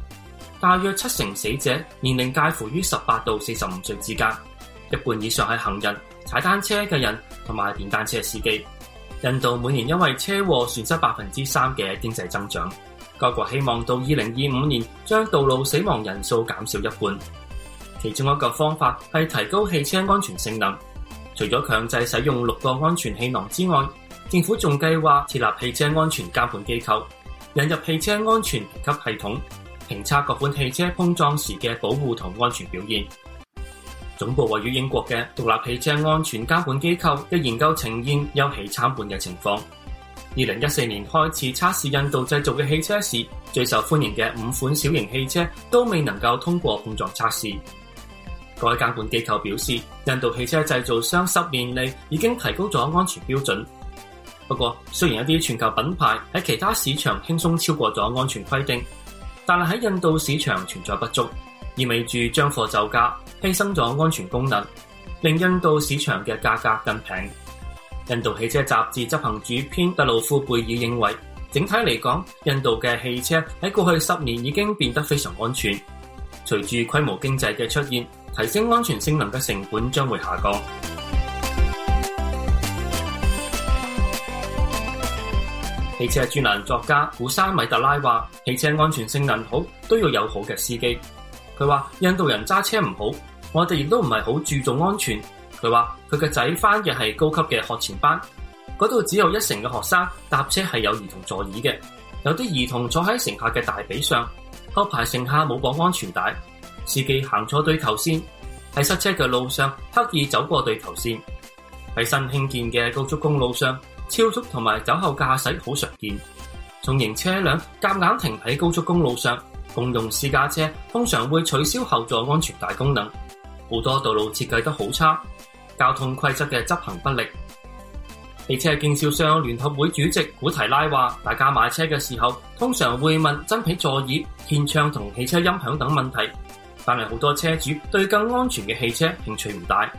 大約七成死者年齡介乎于十八到四十五歲之間，一半以上係行人、踩單車嘅人同埋電單車司機。印度每年因為車禍損失百分之三嘅經濟增長，該國希望到二零二五年將道路死亡人數減少一半。其中一個方法係提高汽車安全性能。除咗強制使用六個安全氣囊之外，政府仲計劃設立汽車安全監管機構，引入汽車安全評級系統，評測各款汽車碰撞時嘅保護同安全表現。總部位於英國嘅獨立汽車安全監管機構嘅研究呈現憂喜參半嘅情況。二零一四年開始測試印度製造嘅汽車時，最受歡迎嘅五款小型汽車都未能夠通過碰撞測試。該監管機構表示，印度汽車製造商十年嚟已經提高咗安全標準。不過，雖然有啲全球品牌喺其他市場輕鬆超過咗安全規定，但係喺印度市場存在不足，意味住將貨就價，犧牲咗安全功能，令印度市場嘅價格更平。印度汽車雜誌執行主編德魯夫貝爾認為，整體嚟講，印度嘅汽車喺過去十年已經變得非常安全。隨住規模經濟嘅出現，提升安全性能嘅成本將會下降。 汽車專欄作家古沙米特拉話，汽車安全性能好都要有好嘅司機。佢話，印度人揸車唔好，我哋亦都唔係好注重安全。佢話佢嘅仔返嘅係高級嘅學前班，嗰度只有一成嘅學生搭車係有兒童座椅嘅，有啲兒童坐喺乘客嘅大髀上。後排乘客冇綁安全帶，司機行錯對頭線，喺塞車嘅路上刻意走過對頭線，喺新興建嘅高速公路上超速同埋酒後駕駛好常見，重型車輛夾硬，硬停喺高速公路上，共用私家車通常會取消後座安全帶功能，好多道路設計得好差，交通規則嘅執行不力。汽車經銷商聯合會主席古提拉話，大家買車嘅時候，通常會問真皮座椅、天窗同汽車音響等問題，但係好多車主對更安全嘅汽車興趣唔大。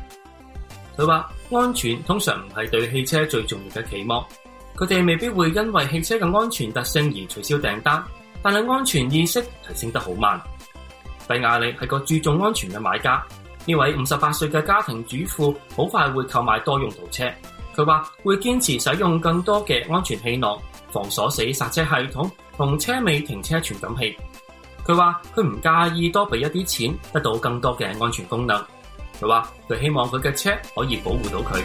佢話，安全通常唔係對汽車最重要嘅期望，佢哋未必會因為汽車嘅安全特性而取消訂單，但係安全意識提升得好慢。蒂亞利係個注重安全嘅買家，呢位五十八歲嘅家庭主婦好快會購買多用途車。佢話會堅持使用更多嘅安全氣囊、防鎖死煞車系統同車尾停車傳感器。佢話佢唔介意多俾一啲錢得到更多嘅安全功能。佢話佢希望佢嘅車可以保護到佢。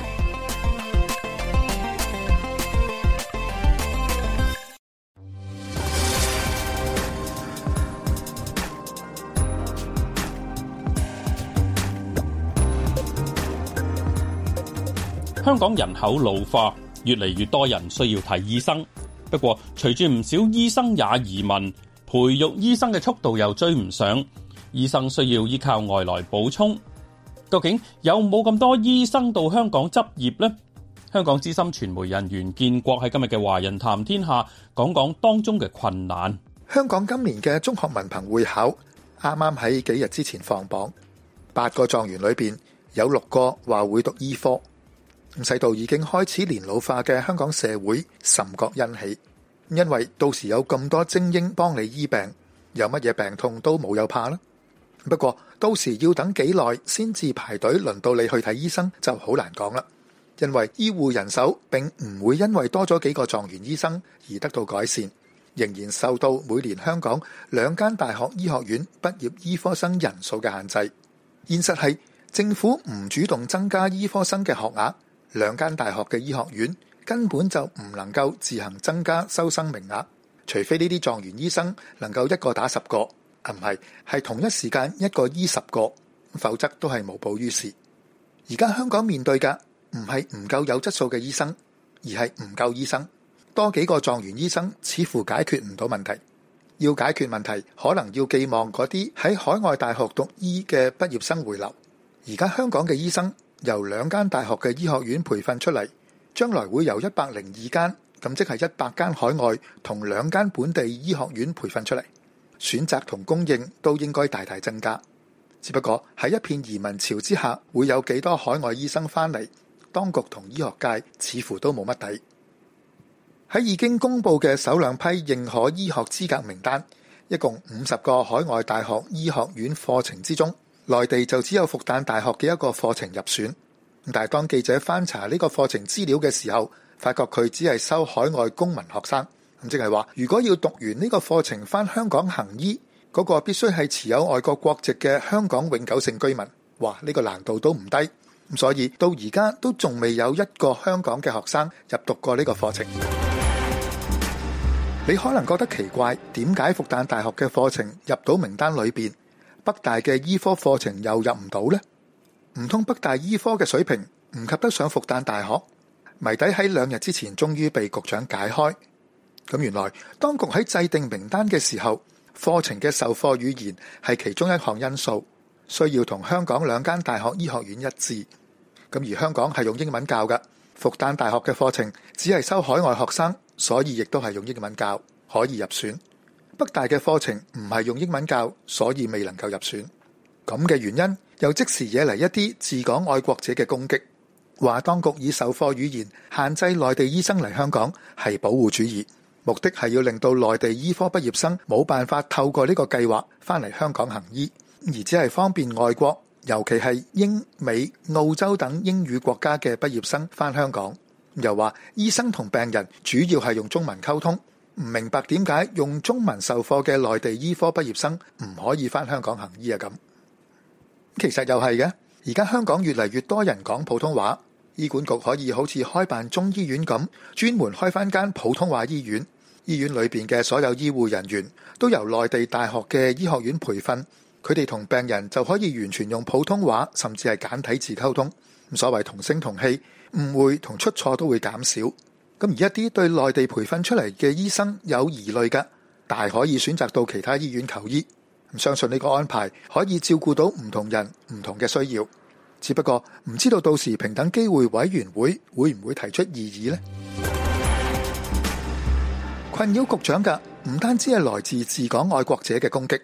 香港人口老化，越嚟越多人需要睇醫生。不過，隨住唔少醫生也移民，培育醫生嘅速度又追唔上，醫生需要依靠外來補充。究竟有冇咁多醫生到香港執業呢？香港資深傳媒人員建國喺今日嘅《華人談天下》講講當中嘅困難。香港今年嘅中學文憑會考啱啱喺幾日之前放榜，八個狀元裏邊有六個話會讀醫科。世到已經開始年老化嘅香港社會甚覺欣喜，因為到時有咁多精英幫你醫病，有乜嘢病痛都冇有怕啦。不過到時要等幾耐先至排隊輪到你去睇醫生就好難講啦。因為醫護人手並唔會因為多咗幾個狀元醫生而得到改善，仍然受到每年香港兩間大學醫學院畢業醫科生人數嘅限制。現實係政府唔主動增加醫科生嘅學額。兩間大學嘅醫學院根本就唔能夠自行增加收生名額，除非呢啲狀元醫生能夠一個打十個，啊唔係，係同一時間一個醫十個，否則都係無補於事。而家香港面對嘅唔係唔夠有質素嘅醫生，而係唔夠醫生。多幾個狀元醫生似乎解決唔到問題，要解決問題，可能要寄望嗰啲喺海外大學讀醫嘅畢業生回流。而家香港嘅醫生，由兩間大學嘅醫學院培訓出嚟，將來會由一百零二間，咁即係一百間海外同兩間本地醫學院培訓出嚟，選擇同供應都應該大大增加。只不過喺一片移民潮之下，會有幾多海外醫生翻嚟？當局同醫學界似乎都冇乜底。喺已經公布嘅首兩批認可醫學資格名單，一共五十個海外大學醫學院課程之中，內地就只有復旦大學嘅一個課程入選，但係當記者翻查呢個課程資料嘅時候，發覺佢只係收海外公民學生，咁即係話，如果要讀完呢個課程翻香港行醫，嗰個必須係持有外國國籍嘅香港永久性居民。哇，呢個難度都唔低，所以到而家都仲未有一個香港嘅學生入讀過呢個課程。你可能覺得奇怪，點解復旦大學嘅課程入到名單裏面？北大嘅醫科課程又入唔到咧？唔通北大醫科嘅水平唔及得上復旦大學？謎底喺兩日之前終於被局長解開。咁原來當局喺制定名單嘅時候，課程嘅授課語言係其中一項因素，需要同香港兩間大學醫學院一致。咁而香港係用英文教嘅，復旦大學嘅課程只係收海外學生，所以亦都係用英文教，可以入選。北大嘅課程唔係用英文教，所以未能夠入選。咁嘅原因又即時惹嚟一啲治港愛國者嘅攻擊，話當局以授課語言限制內地醫生嚟香港係保護主義，目的係要令到內地醫科畢業生冇辦法透過呢個計劃返嚟香港行醫，而只係方便外國，尤其係英美澳洲等英語國家嘅畢業生返香港。又話醫生同病人主要係用中文溝通。唔明白點解用中文授課嘅內地醫科畢業生唔可以翻香港行醫啊？咁其實又係嘅。而家香港越嚟越多人講普通話，醫管局可以好似開辦中醫院咁，專門開翻間普通話醫院。醫院裏邊嘅所有醫護人員都由內地大學嘅醫學院培訓，佢哋同病人就可以完全用普通話，甚至係簡體字溝通。所謂同聲同氣，誤會同出錯都會減少。咁而一啲對內地培訓出嚟嘅醫生有疑慮嘅，大可以選擇到其他醫院求醫。相信呢個安排可以照顧到唔同人唔同嘅需要，只不過唔知道到時平等機會委員會會唔會提出異議呢？困擾局長嘅唔單止係來自治港愛國者嘅攻擊，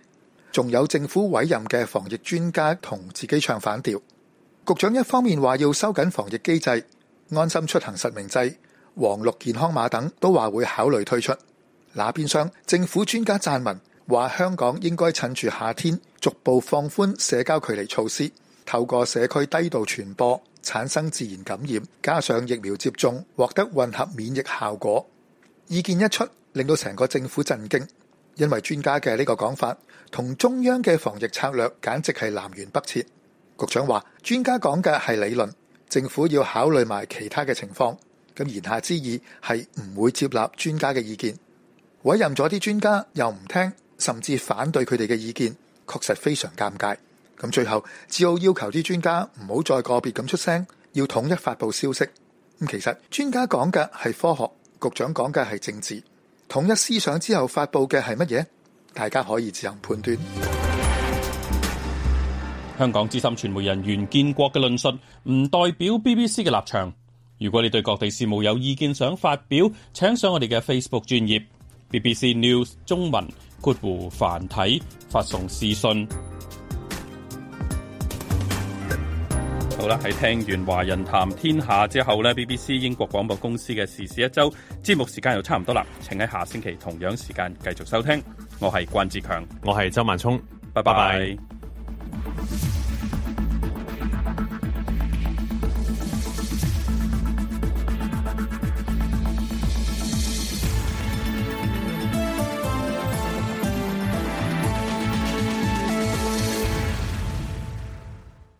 仲有政府委任嘅防疫專家同自己唱反調。局長一方面話要收緊防疫機制，安心出行實名制。黃綠健康碼等都話會考慮推出。那邊廂，政府專家撰文話，香港應該趁住夏天逐步放寬社交距離措施，透過社區低度傳播產生自然感染，加上疫苗接種獲得混合免疫效果。意見一出，令到成個政府震驚，因為專家嘅呢個講法同中央嘅防疫策略簡直係南轅北轍。局長話，專家講嘅係理論，政府要考慮埋其他嘅情況。咁言下之意係唔會接納專家嘅意見，委任咗啲專家又唔聽，甚至反對佢哋嘅意見，確實非常尷尬。咁最後，只好要求啲專家唔好再個別咁出聲，要統一發布消息。咁其實專家講嘅係科學，局長講嘅係政治，統一思想之後發布嘅係乜嘢？大家可以自行判斷。香港資深傳媒人袁建國嘅論述唔代表 BBC 嘅立場。如果你對各地事務有意見想發表，請上我哋嘅 Facebook 專頁 BBC News 中文括弧繁體發送私信。好啦，喺聽完華人談天下之後呢 BBC 英國廣播公司嘅時事一周節目時間又差唔多啦，請喺下星期同樣時間繼續收聽。我係關志強，我係周萬聰，拜拜。